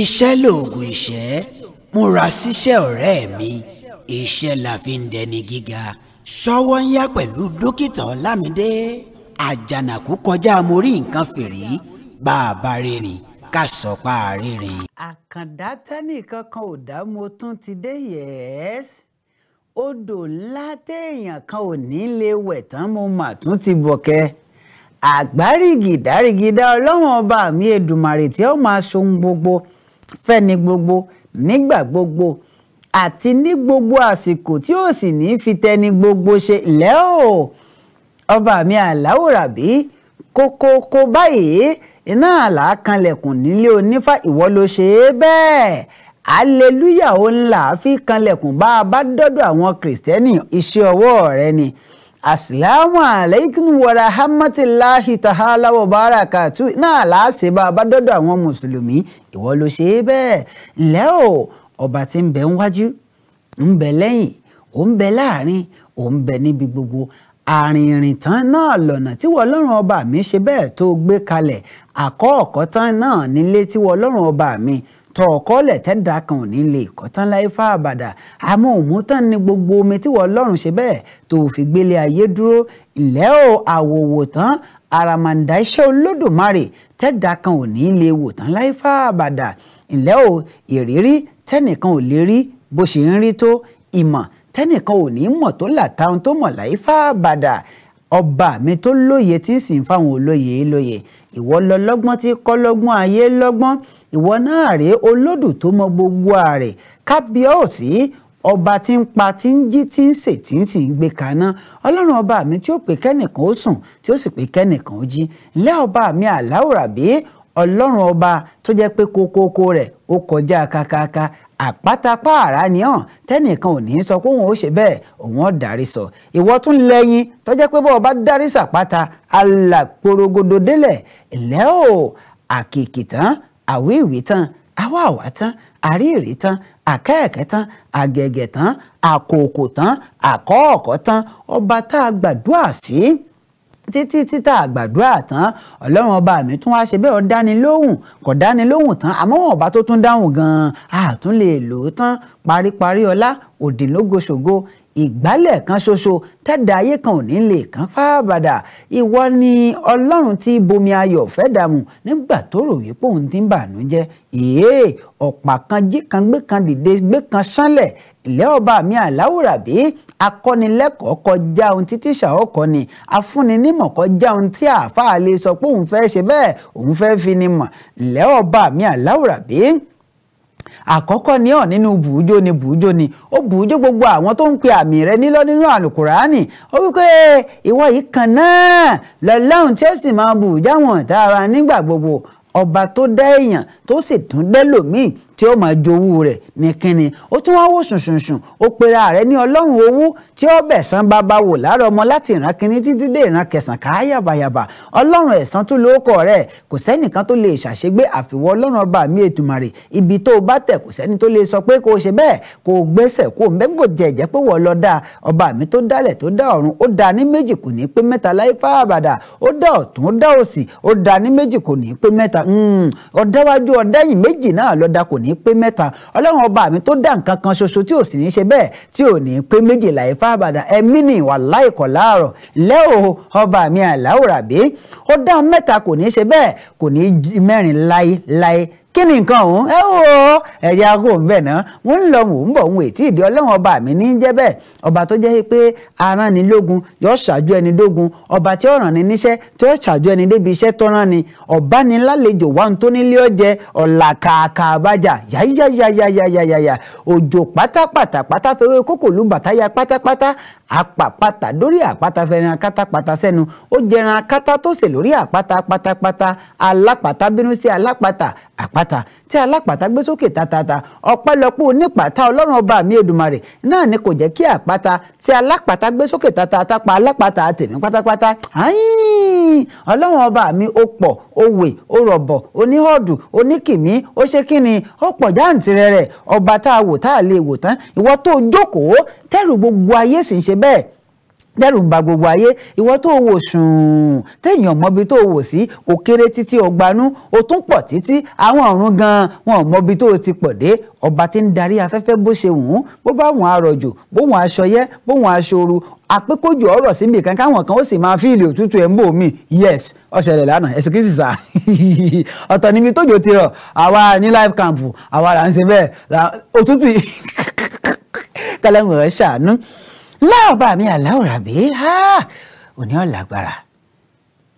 iṣẹ́ lòògùn ìṣẹ́ múra síṣẹ́ ọ̀rẹ́ mi iṣẹ́ la fi ń dẹni gíga ṣọwọ́ ń yá pẹ̀lú dókítà ọlámídé àjànàkú kọjá mo rí nǹkan fìrí bá a bá rìnrìn ká sọ pa àrìnrìn. àkàndá tẹ́nìkan kan ò dá mo tún ti dé yẹ́s odò ńlá téèyàn kan ò ní lè wẹ̀ tán mo mà tún ti bọ̀kẹ́ àgbárígì dárígidá ọlọ́wọ́n ọba mi Èdùmàrè tí ó gbogbo fẹ́ni gbogbo nígbà gbogbo àti ní gbogbo àsìkò tí ó sì ní fi tẹni gbogbo ṣe lẹ́ o ọba mi Àlàó Rabi kókókó báyìí iná àlá kanlẹ̀kùn nílé onífá ìwọ ló ṣe é bẹ́ẹ̀ hallelujah ó ńlá fi kanlẹ̀kùn bá a bá dọ́dọ̀ àwọn kìrìsìtẹ́nì iṣẹ́ ọwọ́ rẹ ni asalaamu aleykum wa rahmatulahi tahala wa barakatu náà láàṣẹ bá a bá dọ́dọ̀ àwọn mùsùlùmí ìwọ ló ṣe é bẹ́ẹ̀ ǹlẹ́ o ọba tí ń bẹ ńwájú ń bẹ lẹ́yìn ò ń bẹ láàrin ò ń bẹ níbi gbogbo àrìnrìn tán náà lọ́nà tí wọ́n lọ́rùn ọba mi ṣe bẹ́ẹ̀ tó gbé kalẹ̀ àkọ́ọ̀kọ́ tán náà nílé tí wọ́n lọ́rùn ọba mi tọ̀ọ̀kọ́lẹ̀ tẹ́dà kan ò ní lè kọ́tán láì fá àbàdà àmọ́ òmùtán ni gbogbo omi tí wọ́n lọ́rùn ṣe bẹ́ẹ̀ tó fi gbélé ayé dúró ǹlẹ́ o àwòwò tán àràmàǹdà iṣẹ́ olódùmarè tẹ́dà kan ò ní lè wò tán láì fá àbàdà ǹlẹ́ o ìrírí tẹ́nìkan ò lè rí bó ṣe ń rí tó ìmọ̀ tẹ́nìkan ò ní mọ̀ tó là táwọn tó mọ̀ láì fá àbàdà ọba mi tó lóye tí sì ń fáwọn olóye lóye ìwọ lọ lọ́gbọ́n tí kọ́ lọ́gbọ́n ayé lọ́gbọ́n ìwọ náà rèé olódù tó mọ gbogbo ààrẹ kábíọ́ọ̀sì ọba tí ń pa tí ń jí tí ń sè tí ń sì ń gbé kaná ọlọ́run ọba mi tí ó pè kẹ́nìkan ó sùn tí ó sì pè kẹ́nìkan ó jí ńlẹ́ ọba mi àláwòràbí ọlọ́run ọba tó jẹ́ pé kókókó rẹ̀ ó kọjá kakaka àpátápá àrá ni hàn tẹnìkan ò ní sọ pé òun ò ṣe bẹ́ẹ̀ òun ò dárí sọ ìwọ tún lẹ́yìn tó pé bọ́ọ̀ bá dárí sàpáta alàporogodo délẹ̀ ńlẹ́ o àkìkì tán àwíwí tán awáwá tán àríìrí tán àkẹ́ẹ̀kẹ́ tán àgẹ̀gẹ̀ tán àkòkò tán àkọ́ọ̀kọ́ tán ọba tá a gbàdúrà sí títí títà àgbàdúrà tán ọlọ́run ọba mi tún wá ṣe bẹ́ẹ̀ ó dáni lóhùn kò dáni lóhùn tán àmọ́ wọn ọba tó tún dáhùn gan-an a tún lè lò ó tán paríparí ọlá òdìlógo ṣògo ìgbálẹ̀ kan ṣoṣo tẹ́dà ayé kan ò ní lè kán fábàdà ìwọ ni ọlọ́run tí bomi ayọ̀ fẹ́ dààmú nígbà tó rò wípé òun ti ń bànújẹ́ èé ọ̀pá kan jí kan gbé kan dìde gbé kan ṣánlẹ̀ ilé ọba mi àláwùràbí akọ́nilẹ́kọ̀ọ́ kọjá ohun tí tíṣà ọkọ ni afúninímọ̀ kọjá ohun tí àáfàá lè sọ pé òun fẹ́ ṣe bẹ́ẹ̀ òun fẹ́ fi ni mọ̀ ilé ọba mi àláwùràbí àkọ́kọ́ ní ọ̀ nínú bùújó ni bùújó ni ó bùújó gbogbo àwọn tó ń pe àmì rẹ nílọ́ nínú àlùkùránì ó wípé ìwọ yìí kan náà lọ́lọ́run tí ó sì máa bùújá wọn tààrà nígbà gbogbo ọba tó dá èèyàn tó sì tún dẹ́lòmíì tí ó máa jowú rẹ̀ ní kínni ó tún wá wò sùnsùnsùn ó pera rẹ̀ ní ọlọ́run owú tí ó bẹ̀sán bàbá wò láàárọ̀ ọmọ láti ìran kínní títí dé ìran kẹsàn ká yàbàyàbà ọlọ́run ẹ̀san tún lóókọ̀ rẹ̀ kò sẹ́nìkan tó lè ṣàṣegbé àfiwọ́ ọlọ́run ọba mi ètùmàrè ibi tó bá tẹ̀ kò sẹ́ni tó lè sọ pé kò ṣe bẹ́ẹ̀ kò gbẹ́sẹ̀ kò mẹ́gbò jẹ̀jẹ̀ pé wọ́n lọ dáa ọba mi tó dálẹ̀ tó dá ọ̀run ó dá ní méjì kò ní pé mẹ́ta láì fáàbàdà ó dá ọ̀tún ó dá òsì ó dá ní méjì kò ní pé mẹ́ta hmm, ọ̀dáwájú ọ̀dáyìn méjì náà lọ́dà kò ní ní pé mẹ́ta ọlọ́run ọba mi tó dá nǹkan kan ṣoṣo tí ò sì ní ṣe bẹ́ẹ̀ tí ò ní pé méjìlá ifá àbàdàn ẹ̀mí ni ìwà láìkọ̀ láàrọ̀ lẹ́wọ̀ ọba mi àláwòrán bí ó dá mẹ́ta kò ní ṣe bẹ́ẹ̀ kò ní mẹ́rin láéláé Kini ni nǹkan ọ̀hún ẹ wò ó ẹ̀yà kò ń bẹ̀ ná wọ́n ń lọ mò ń bọ̀ òun ètí ìdí ọlọ́run ọba mi ní jẹ́ bẹ́ẹ̀ ọba tó jẹ́ pé ọba tí ó ràn ní níṣẹ́ tí ó ṣáájú ẹni débi iṣẹ́ tó rán ni ọ̀bánilálejò wa apàpàtà dórí àpáta fẹran kátàpàtà sẹ́nu ó jẹran akátá tó sè lórí àpáta pátápátá alápàtà bínú sí alápàtà àpáta tí alápàtà gbé sókè tatata ọpẹ́lọpẹ́ onípàtà ọlọ́run ọba mi Èdùmàrè náà ni kò jẹ́ kí àpáta tí alápàtà gbé sókè tatata pa alápàtà tèmi pátápátá ọlọ́run ọba mi ó pọ̀ ó wè ó rọ̀bọ̀ oníhọ̀dù oníkìmí ó ṣe kí ni ó pọ̀ jáǹtìrẹrẹ ọba tá a wò tá a lè wò tán ìwọ tó jókòó tẹ́rù gbogbo ayé sì ń ṣe bẹ́ẹ̀ dẹ́rù ń ba gbogbo ayé ìwọ tó wò sùn téèyàn mọbi tó wò sí ó kéré títí ọgbanú ó tún pọ̀ títí àwọn ọ̀run gan wọn ò mọbi tó ti pọ̀ dé ọba tí ń darí afẹ́fẹ́ bó ṣe wù ú bó bá wọn arọ̀jò bó wọn aṣọyẹ́ bó wọn aṣoru àpékójọ ọ̀rọ̀ síbi kan káwọn kan ó sì máa fíìlì òtútù ẹ̀ ń bò mí yes ọ̀ṣẹ̀lẹ̀ lánàá ẹ̀sìn kìí sì sà ọ̀tọ̀ níbi tójò ti rọ̀ àwa ní life camp àwa là ń ṣe bẹ́ẹ̀ òtútù kẹlẹ́mù rẹ̀ ṣàánú láọ̀bà mi àláwòrán bí òní ọ̀làgbára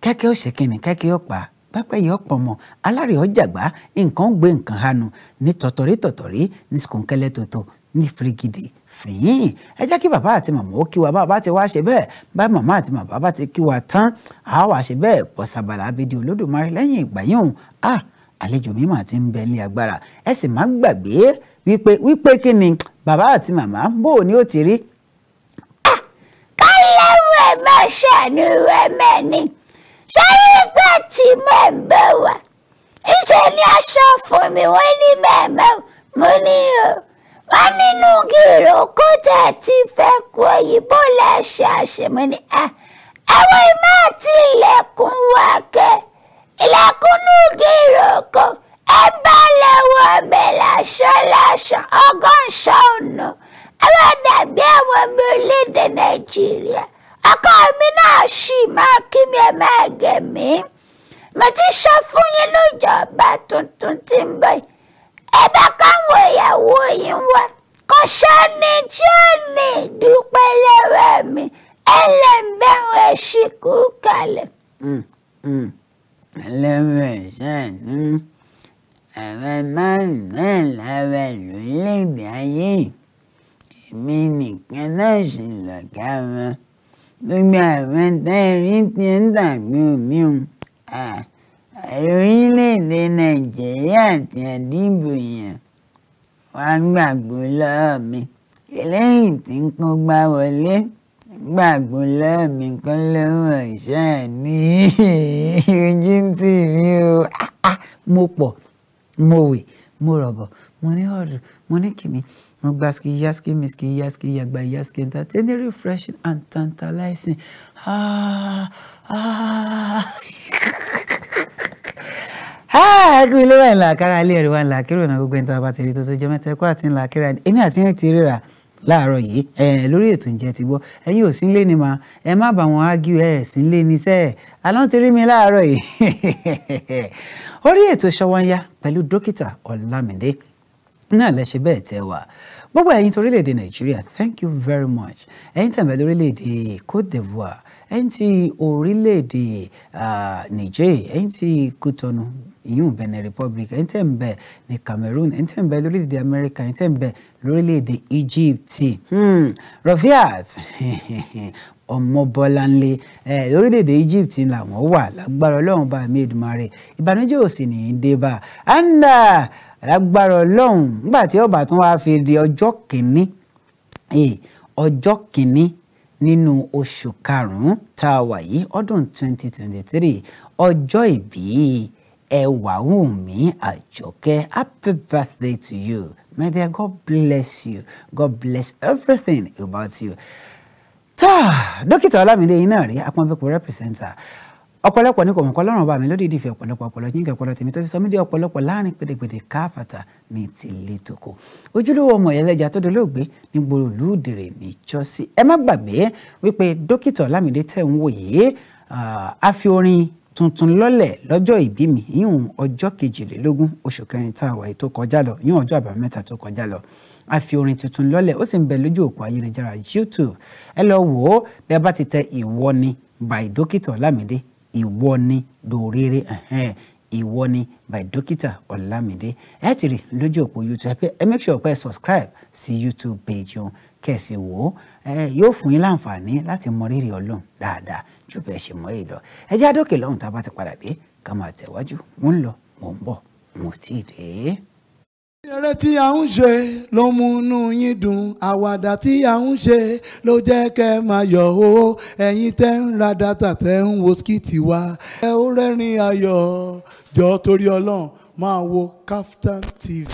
kẹ́kẹ́ ó ṣe kínní kẹ́kẹ́ ó pa pápẹ́ yìí ọ̀pọ̀ mọ̀ alárè ọ̀jàgbá nǹkan gbé nǹkan hanu ní tọ̀tọ̀rí tọ̀tọ̀rí ní skòńkẹ́lẹ́ tòótọ́ ní firigidi fìyín ẹ jẹ́ kí bàbá àti màmá ó kí wa bàbá ti wá ṣe bẹ́ẹ̀ bá màmá àti bàbá bá ti kí wa tán a wá ṣe bẹ́ẹ̀ bọ́ sábàlá abidi olódùmarè lẹ́yìn ìgbà yẹn òun a àlejò mi mà ti ń bẹ ní agbára ẹ sì má gbàgbé wípé wípé kí ni bàbá àti màmá bó o ní ó ti rí ṣàánú rẹ mẹ́ni sáré ìgbà tí mò ń bẹ̀ wá ìṣe ni aṣọ fún mi wọ́n ní mẹ́mẹ́ mo ní o wọ́n nínú gírò kó tẹ̀ tí fẹ́ kú òyìnbó lẹ́sẹ̀ àṣemọ́ ni ah, àwọn iná àti ilẹ̀kùn wà kẹ́ ilẹ̀kùn nù gírò kan ẹ bá lẹ́wọ̀ ọbẹ̀ lásán lásán ọgọ́ǹsán ọ̀nà àwọn àdàgbé àwọn ọmọ orílẹ̀-èdè nàìjíríà ọkọ mi náà ṣì máa kí mi ẹ máa gẹ̀ mí mo ti sọ fún yín lójọba tuntun tí ń bọ̀ yìí ẹ bá káwọn ìyàwó yín wá kò sẹ́ni tí ó ní ìdúpẹ́ lọ́wọ́ mi ẹ lè ń bẹ̀rù ẹ̀ṣì kú kalẹ̀. ẹlẹ́wọ̀n ìṣàánú àwọn márùn-ún lára lórílẹ̀‐èdè ayé èmi nìkan náà sì lọ̀gá wọn gbogbo àwọn tí ń dàgbò mí o orílẹ̀-èdè nàìjíríà àti àdìbò yẹn wàá gbàgbọ́ lọ́wọ́ mi eléyìí tí ń kó gbá wọlé gbàgbọ́ lọ́wọ́ mi kọ́ lọ́wọ́ ìṣẹ́ ní ojú tì mí o ah, ah, mo pọ̀ mo wè mo rọ̀bọ̀ mo ní ọ̀rọ̀ mo ní kìmí Mugbaski, Yaski, Miski, Yaski, Yagba, Yaski, entertaining, refreshing, and tantalizing. Ah, ah. Ààgùn ilé wa ńlá kára ilé ẹ̀rí wa ńlá kérò náà gbogbo ẹni tí a bá ti rí tó tó jẹ́ mẹ́ta ẹ̀kọ́ àti ńlá kíra èmi àti yẹn ti ríra láàárọ̀ yìí lórí ètò ìjẹ́ ti gbọ́ ẹ̀yin ò sí nílé ni ma. ẹ má bà wọ́n ágíù ẹ̀ sí nílé ni sẹ́ẹ̀ àná ti rí mi láàárọ̀ yìí orí ètò ṣọwọ́nyá pẹ̀lú dókítà Ọlámídé náà lẹ ṣe bẹ́ẹ̀ tẹ́ wà gbogbo ẹ̀yin tó orílẹ̀-èdè nàìjíríà thank you very much ẹ̀yin tẹ̀mẹ́ lórílẹ̀-èdè Cote d'Ivoire ẹ̀yin ti orílẹ̀-èdè Niger ẹ̀yin ti Cotonou ìyún Benin Republic ẹ̀yin tẹ̀ ń bẹ ní Cameroon ẹ̀yin tẹ̀ ń bẹ lórílẹ̀-èdè America ẹ̀yin tẹ̀ ń bẹ lórílẹ̀-èdè Egypt hmm. Rafiat ọmọbọláńlé ẹ lórílẹ̀-èdè Egypt làwọn wà lágbára Ọlọ́run bá mi Èdùmàrè ìbànújẹ́ ò sì ní í dé bá a alágbára ọlọ́run nígbà tí ó bá tún wá fi di ọjọ́ kìíní eh, ọjọ́ kìíní nínú oṣù karùn-ún tá a wà yìí ọdún 2023 ọjọ́ ìbí ẹwà wùnmí àjọkẹ́ happy birthday to you May dear god bless you god bless everything about you. tá dókítà ọlámídé yìí náà rí apọ́nbẹ́pọ̀ representer ọ̀pọ̀lọpọ̀ ní kò mọ̀ kọ́ lọ́rùn bá mi lódìdí ìfẹ́ ọ̀pọ̀lọpọ̀ ọ̀pọ̀lọ yín kẹ́kọ̀ọ́ tèmi tó fi sọ mí di ọ̀pọ̀lọpọ̀ láàrin pédèpédè káfàtà mi ti lè tòkó ojúlówó ọmọ ẹlẹ́jà tó dolóògbé ní gbòòrò lùdèrè mi jọ́sí ẹ má gbàgbé wípé dókítà Ọlámídé tẹ̀ ń wò yìí a fi orin tuntun lọ́lẹ̀ lọ́jọ́ ìbí mi yíyún ọjọ́ kejìlélógún oṣù kẹrin tá a wà yìí tó kọjá lọ yíyún ọjọ́ àbámẹ́ta tó kọjá lọ a fi orin tuntun lọ́lẹ̀ ó sì ń bẹ lójú òpó ayélujára YouTube ẹ lọ wò ó bẹ́ẹ̀ bá ti tẹ ìwọ ni by dókítà Ọlámídé ìwọ ni dòrèrè ìwọ ni by dókítà ọlámídé ẹ ti rí lójú òpó youtube ẹ make sure pé ẹ subscribe sí youtube page yẹn kẹsì wò ó yóò fún yín láǹfààní láti mọ rírì ọlọ́run dáadáa ju bẹ́ẹ̀ ṣe mọ èyí lọ ẹ jẹ́ àdókè lọ́hùn tá a bá ti padà dé ká máa tẹ̀wájú mò ń lọ mò ń bọ̀ mo ti dé eré tí a ń ṣe ló mú inú yín dùn àwàdà tí a ń ṣe ló jẹ́ kẹ́ máa yọ̀ o ẹ̀yin tẹ́ ń ra dátà tẹ́ ń wo skìtì wa ẹ ó rẹ́rìn ayọ̀ jọ torí ọlọ́run máa wo Kaftan TV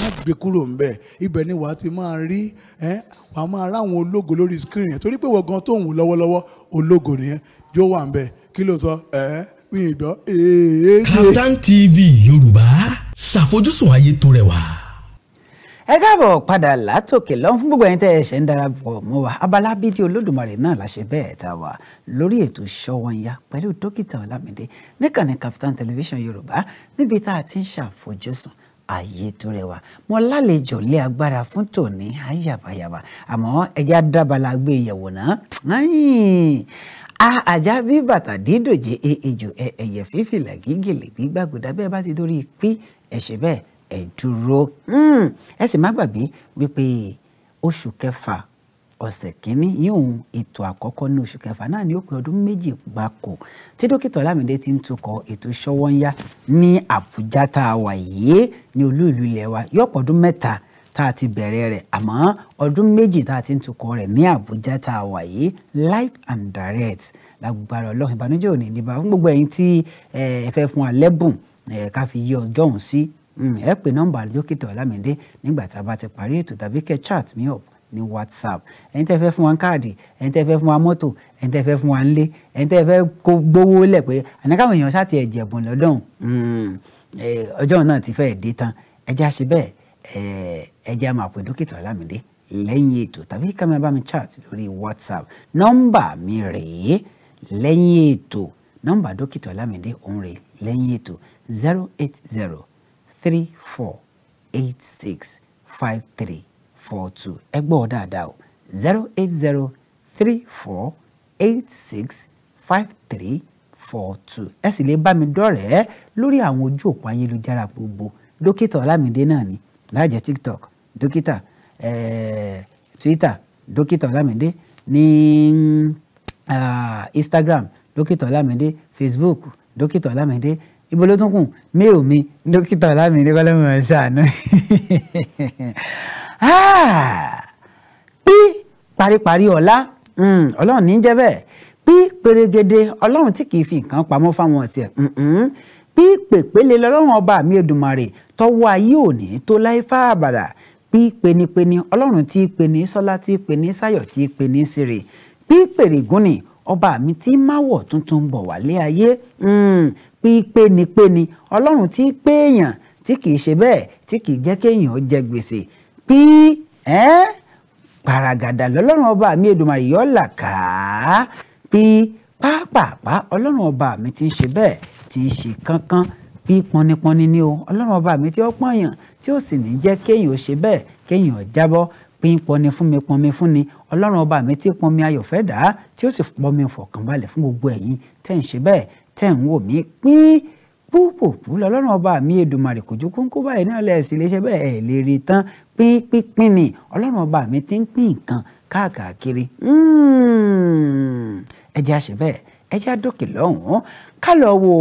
má gbé kúrò ńbẹ̀ ibẹ̀ ni wàá ti máa rí wàá máa ráwọn ológo lórí screen yẹn torí pé wọ́n gan tó ń wù lọ́wọ́lọ́wọ́ ológo nìyẹn jó wà ńbẹ̀ kí ló sọ ẹ̀ mi ì gbọ́ èèyàn. TV Yorùbá ṣàfojúsùn ayé tó rẹwà ẹ káàbọ̀ padà látòkè lọ́n fún gbogbo ẹ̀yin tẹ́ ẹ ṣẹ̀ ń darapọ̀ mọ́ wa abala bídí olódùmarè náà la ṣe bẹ́ẹ̀ ta wa lórí ètò ṣọ́wọ́nyá pẹ̀lú dókítà ọlámídé níkànnì Kaftan television yorùbá níbi tá a ti ń ṣàfojúsùn ààyè tó rẹwà mo lálejò lé agbára fún tòní ayàbàyàbà àmọ́ ẹja dábàlà gbé e yẹ̀wò náà àjà bí bàtà dídòjé e ejò e ẹyẹ fífìlà gígèlè gbígbàgbọdà bẹ́ẹ̀ bá ti dórí pín ẹṣẹ bẹ́ẹ̀ ẹ dúró hmm, ẹ sì má gbàgbé wípé oṣù kẹfà ọ̀sẹ̀ kínní yíyún ètò àkọ́kọ́ ní oṣù kẹfà náà ní òpin ọdún méjì gbáko tí dókítà Ọlámídé ti ń tukọ̀ ètò Ṣówónyá ní Àbújá tá a wà yìí ní olú ìlú ilẹ̀ wa yọ̀pọ̀ ọdún mẹ́ta tá a ti bẹ̀rẹ̀ rẹ̀ àmọ́ ọdún méjì tá a ti ń tukọ̀ rẹ̀ ní Àbújá tá a wà yìí live and direct lágbára Ọlọ́run ìbànújẹ́ òní níbà fún gbogbo ẹ̀yin tí ẹ fẹ́ fún alẹ́bùn ká fi yí ọjọ́ òun sí Mm, ẹ pè nọ́mbà dókítà ọlámídé nígbà tá a bá ti parí ètò tàbí kẹ́ chat mi up ní whatsapp ẹni tẹ́ fẹ́ fún wa káàdì ẹni tẹ́ fẹ́ fún wa mọ́tò ẹni tẹ́ fẹ́ fún wa nlé ẹni tẹ́ fẹ́ kó gbówó lẹ̀ pé ànákàwọn èèyàn sá ti ẹ̀jẹ̀ bùn lọ́dọ̀ mm, ọjọ́ náà ti fẹ́ẹ̀ dé tán ẹjẹ́ àṣẹ bẹ́ẹ̀ ẹjẹ́ a máa dókítà ọlámídé lẹ́yìn ètò tàbí ká máa bá mi chat lórí whatsapp nọ́mbà mi rèé lẹ́yìn ètò nọ́mbà dókítà ọlámídé òun rèé lẹ́yìn ètò zero eight zero three four eight six five three four two ẹ gbọ́ ọ dáadáa o zero eight zero three four eight six five three four two ẹ sì lè bá mi dọ́rẹ̀ẹ́ lórí àwọn ojú òpó ayélujára gbogbo dókítà ọlámídé náà ni láàjẹ tiktok dókítà eh, twitter dókítà ọlámídé ní uh, instagram dókítà ọlámídé facebook dókítà ọlámídé ibo ló tún kù mail mi dókítà ọlámi ní kọ́lẹ́mù ẹ̀ ṣàánú pí paríparí ọ̀la ọlọ́run ní jẹ́ bẹ́ẹ̀ pí pèrègede ọlọ́run tí kìí fi nǹkan pamọ́ fáwọn ọ̀tí ẹ̀ pí pèpéle lọ́lọ́run ọba mi Èdùmàrè tọwọ́ ayé òní tó láì fá àbàdà pí penipeni ọlọ́run tí peni sọ́lá tí peni sáyọ̀ tí peni sire pí pèrègúnni ọba mi tí máwọ̀ tuntun bọ̀ wálé ayé mm pípénipéni ọlọ́run tí péèyàn tí kì í ṣe bẹ́ẹ̀ tí kì í jẹ́ kéèyàn jẹ gbèsè pí ẹ́ pàràgàdà lọ́lọ́run ọba mi Èdùmàrè yọ là ká pí pápápá ọlọ́run ọba mi ti ń ṣe bẹ́ẹ̀ ti ń ṣe kánkán pí pọnipọni ni o ọlọ́run ọba mi tí ó pọ̀nyàn tí ó sì ní jẹ́ kéèyàn ṣe bẹ́ẹ̀ kéèyàn jábọ́ pí pọnmi fún mi pọnmi fún ni ọlọ́run ọba mi tí pọnmi ayọ̀ fẹ́ dà á tí ó sì pọnmi fọkànbalẹ̀ fún gbogbo ẹ̀yin tẹ́ ń ṣe bẹ́ẹ̀ tẹ̀ ń wò mí pín púpòpù lọ́lọ́run ọba mi Èdùmàrè kò ju kóńkó báyìí náà lẹ́ẹ̀sì iléeṣẹ́ bẹ́ẹ̀ ẹ̀ lè rí tán pín pínpín ni ọlọ́run ọba mi ti ń pín nǹkan káàkiri hmm. ẹ jẹ́ àṣẹ bẹ́ẹ̀ ẹ jẹ́ àdókè lọ́hùn-ún ká lọ wo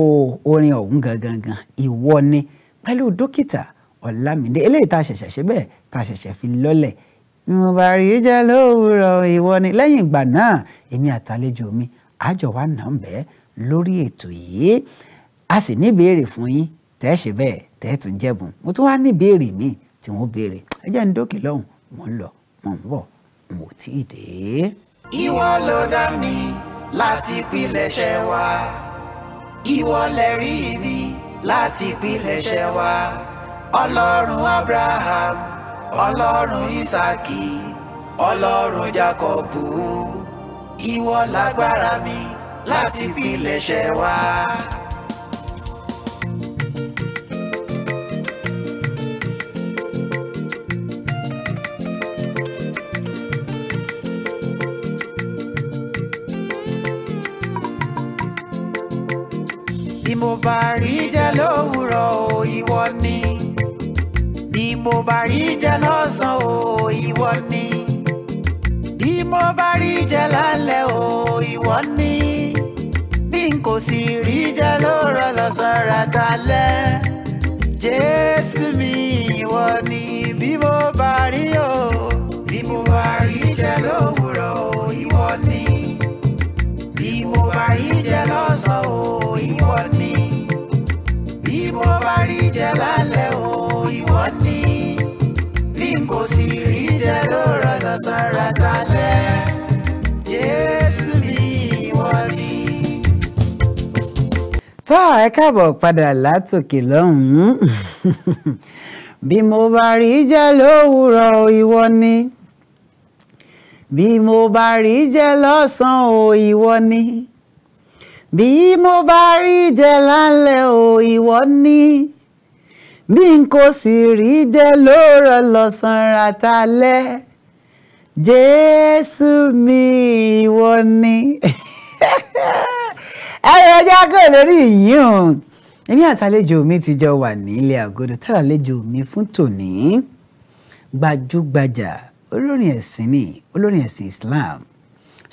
orin ọ̀hún gangan ìwọ ni pẹ̀lú dókítà ọ̀làmídé eléyìí tá a ṣẹ̀ṣẹ̀ ṣe bẹ́ẹ̀ tá a ṣẹ̀ṣẹ̀ fi lọ́lẹ̀ mo bá rí jẹ́ lówùrọ̀ ìwọ ni lẹ́yìn ìgbà náà èmi àtàlejò mi àjọ wa nà bẹ́ẹ̀ lórí ètò yìí a sì ní ìbéèrè fún yín tẹ́ ṣe bẹ́ẹ̀ tẹ́ tún jẹ́bùn mo tún wá ní ìbéèrè míì tí wọ́n béèrè ẹ jẹ́ ń dókè lọ́hùn mò ń lọ mò ń bọ̀ n tí ì dé. ìwọ ló dá mi láti pilẹ̀ṣẹ̀ wa ìwọ lè rí mi láti pilẹ̀ṣẹ̀ wa ọlọ́run abraham ọlọ́run isaki ọlọ́run jacobu ìwọ lágbára mi láti pilẹ̀ṣẹ̀ wá. bí mo bá rí jẹ lówùúrọ̀ o ìwọ ni bí mo bá rí jẹ lọ́sàn-án o ìwọ ni bí mo bá rí jẹ lálẹ́ o ìwọ ni kò sì rí jẹ lóòrọ lọ́sọ̀rọ̀ àtàlẹ́ jésù mi ìwọ ni bí mo bá rí o bí mo bá rí jẹ lówùrọ̀ o ìwọ ni bí mo bá rí jẹ lọ́sàn o ìwọ ni bí mo bá rí jẹ lálẹ́ o ìwọ ni bí n kò sì rí jẹ lóòrọ lọ́sọ̀rọ̀ àtàlẹ́. tó ẹ káàbọ̀ padà látòkè lọ́hùn-ún bí mo bá rí jẹ lówùúrọ̀ ìwọ ni bí mo bá rí jẹ lọ́sàn-án o ìwọ ni bí mo bá rí jẹ lálẹ́ o ìwọ ni bí n kò sì rí jẹ lóòrọ̀ lọ́sàn-án àtàlẹ́ jésù mi ìwọ ni. ẹ̀rọ ẹjẹ́ àgọ́ lórí yìí hàn èmi àtàlejò mi ti jọ wà nílé àgọ́dọ̀ tàlejò mi fún tòní gbajúgbajà olórin ẹ̀sìn ni olórin ẹ̀sìn Islam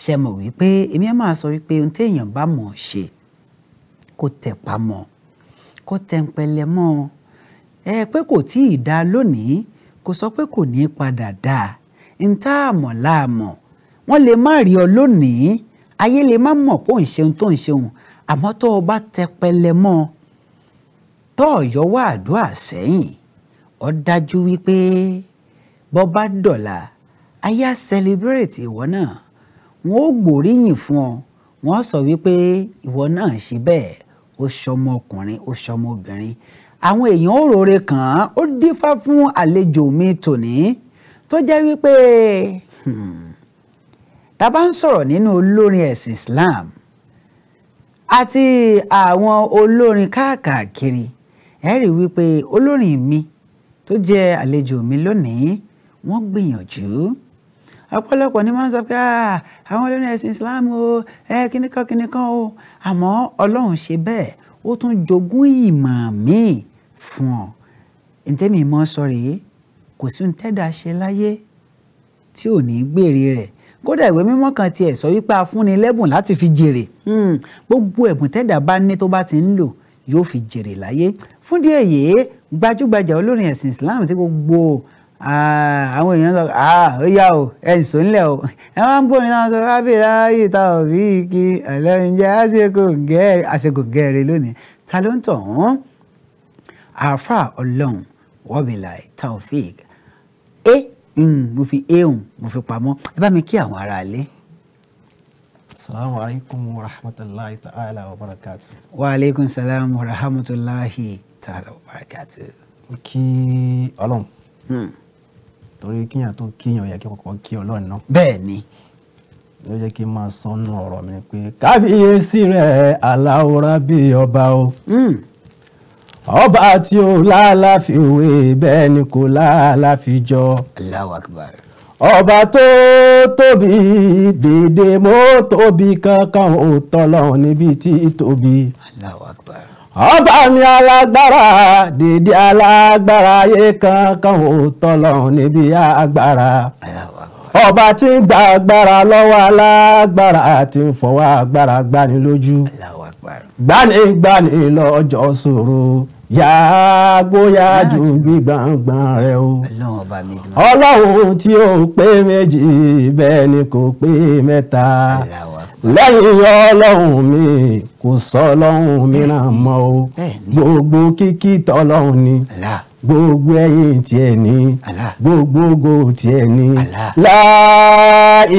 ṣe mọ̀ wípé èmi á máa sọ wípé ohun téèyàn bá mọ̀ ṣe kó tẹpá mọ́ kó tẹ̀ǹpẹ̀lẹ̀ mọ́ ẹ pé kò tí ì dá lónìí kò sọ pé kò ní í padà dáa ń tá a mọ̀ láàmọ̀ wọ́n lè má rí ọ lónìí ayé lè má mọ̀ kó ń ṣeun tó ń ṣeun àmọ́ tó o bá tẹpẹlẹ mọ́ ọ tó ọ̀yọ́ wá àdúrà sẹ́yìn ó dájú wípé bọ́ bá dọ̀la ayá celebrate ìwọ náà wọn ó gbóríyìn fún ọ wọn sọ wípé ìwọ náà ṣe bẹ́ẹ̀ ó ṣọmọ ọkùnrin ó ṣọmọ obìnrin àwọn èèyàn òrórè kan ó dífá fún àlejò mi tòní tó jẹ́ wípé hmm, tá a bá ń sọ̀rọ̀ nínú olórin ẹ̀sìn Islam àti àwọn olórin káàkiri ẹ rí i wípé olórin mi tó jẹ àlejò mi lónìí wọ́n gbìyànjú ọ̀pọ̀lọpọ̀ ni wọ́n sọ pé ah, àwọn olórin ẹ̀sìn Islam o ẹ kíníkan kíníkan o àmọ́ Ọlọ́run ṣe bẹ́ẹ̀ ó tún jogún ìmọ̀ míì fún ọ ntẹ́mi mọ́ sọ rèé kò sí ntẹ́dà ṣe láyé tí ò ní gbèrè rẹ̀ kódà ìwé mímọ́ kan tiẹ̀ sọ wípé a fúnni lẹ́bùn láti fi jèrè Hmm, gbogbo ẹ̀bùn tẹ́dà bá ní tó bá ti ń lò yóò fi jèrè láyé fún díẹ̀ yìí gbajúgbajà olórin ẹ̀sìn Islam tí gbogbo àwọn èèyàn sọ ó yá o ẹ ń sọ nílẹ̀ o ẹ máa ń gbóni náà sọ ábìlà ìta òbí kí ẹlẹ́yinjẹ́ àṣekòǹgẹ́rẹ́ lónìí ta ló ń tọ̀ wọ́n àáfà ọlọ́run wọ́bìlà taofik ẹ mo fi ẹ hùn mo fi pamọ́ ẹ bá mi kí àwọn ará ilé. Assalamu alaikum wa rahmatullahi ta'ala wa barakatu. Wa alaikum salam wa rahmatullahi ta'ala wa barakatu. Kí Ọlọ́run. Hmm. Torí kíyàn tó kíyàn yẹ kí kọ́kọ́ kí Ọlọ́run náà. Bẹ́ẹ̀ni. Ló jẹ́ kí n máa sọ nù ọ̀rọ̀ mi pé kábíyèsí rẹ̀ aláwòrán bí ọba o. Hmm. Ọba tí ó láàlá fi wé bẹ́ẹ̀ ni kò láàlá fi jọ. Allahu ọba tó tóbi dèdè mo tóbi kankan ò tọ́lọ́run níbi tí tóbi. ọba mi alágbára dèdè alágbára ayé kankan ò tọ́lọ́run níbi agbára. ọba tí ń gba agbára lọ́wọ́ alágbára àti ń fọwọ́ agbára gbani lójú. gbani gbani lọ́jọ́ ṣòro yàgbóyà ju gbígbàngbàn rẹ o ọlọ́run tí ó pé méjì bẹ́ẹ̀ ni kò pé mẹ́ta lẹ́yìn ọlọ́run mi kò sọ ọlọ́run mìíràn mọ́ o gbogbo kíkí tọ́lọ́run ni gbogbo ẹyin tiẹ̀ ni gbogbo ogo tiẹ̀ ni la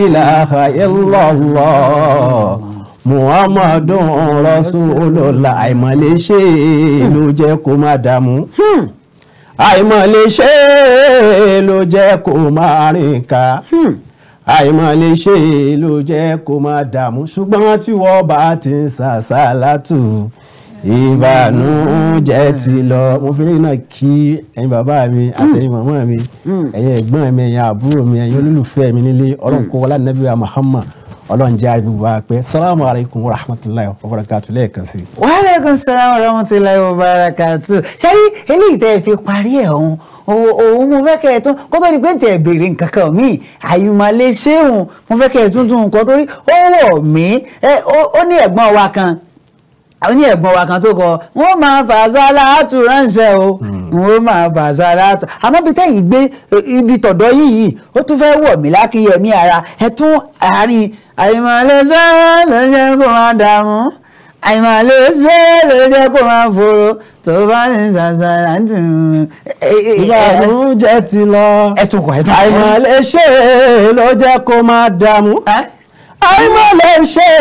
ilaha illallah muhammadun rasulullah àìmọ̀lé ṣe ló jẹ́ kó má dààmú hmm. àìmọ̀lé ṣe ló jẹ́ kó má rìn ká hmm. àìmọ̀lé ṣe ló jẹ́ kó má dààmú ṣùgbọ́n tí wọ́n bá ti ń ṣàṣà látù ìbànújẹ́ ti lọ mo fi lẹ́yìn náà kí ẹ̀yin bàbá mi àtẹ̀yin màmá mi hmm. ẹ̀yin ẹ̀gbọ́n mi ẹ̀yin àbúrò mi ẹ̀yin olólùfẹ́ mi nílé ọlọ́run kó wọlá nàbíyà muhammad ọlọ́run jẹ́ àgbègbè pé salamu alaykum wa rahmatulahi wa barakatu lẹ́ẹ̀kan sí. wa aleykum salaam wa rahmatulahi wa barakatu ṣáyé eléyìí tẹ́ ẹ fi parí ẹ̀ ọ̀hún òun mo fẹ́ kẹ́ ẹ tún kó tó di pé tẹ̀ béèrè nǹkan kan mí àyùmọ̀lé ṣéhùn mo fẹ́ kẹ́ ẹ tún nǹkan torí ó wọ̀ mí ó ní ẹ̀gbọ́n wa kan àwọn ẹ̀gbọ́n wa kan tó kọ wọ́n máa fàṣà láàtú ránṣẹ́ o hmm. wọ́n máa fàṣà láàtú àmọ́ bí tẹ́yìn gbé ibi tọ̀dọ̀ yìí ó tún fẹ́ wọ̀ mí lákìyẹ̀mí ara ẹ̀ tún àárín àìmọ̀lẹ́sẹ̀ lẹ́sẹ̀ kó máa dààmú àìmọ̀lẹ́sẹ̀ lẹ́sẹ̀ kó máa fòrò tó bá ní ṣàṣà láti e, e, e, rìn. jẹ́ ti lọ àìmọ̀lẹ́sẹ̀ ló jẹ́ kó máa dààmú àìmọ̀lẹ́sẹ̀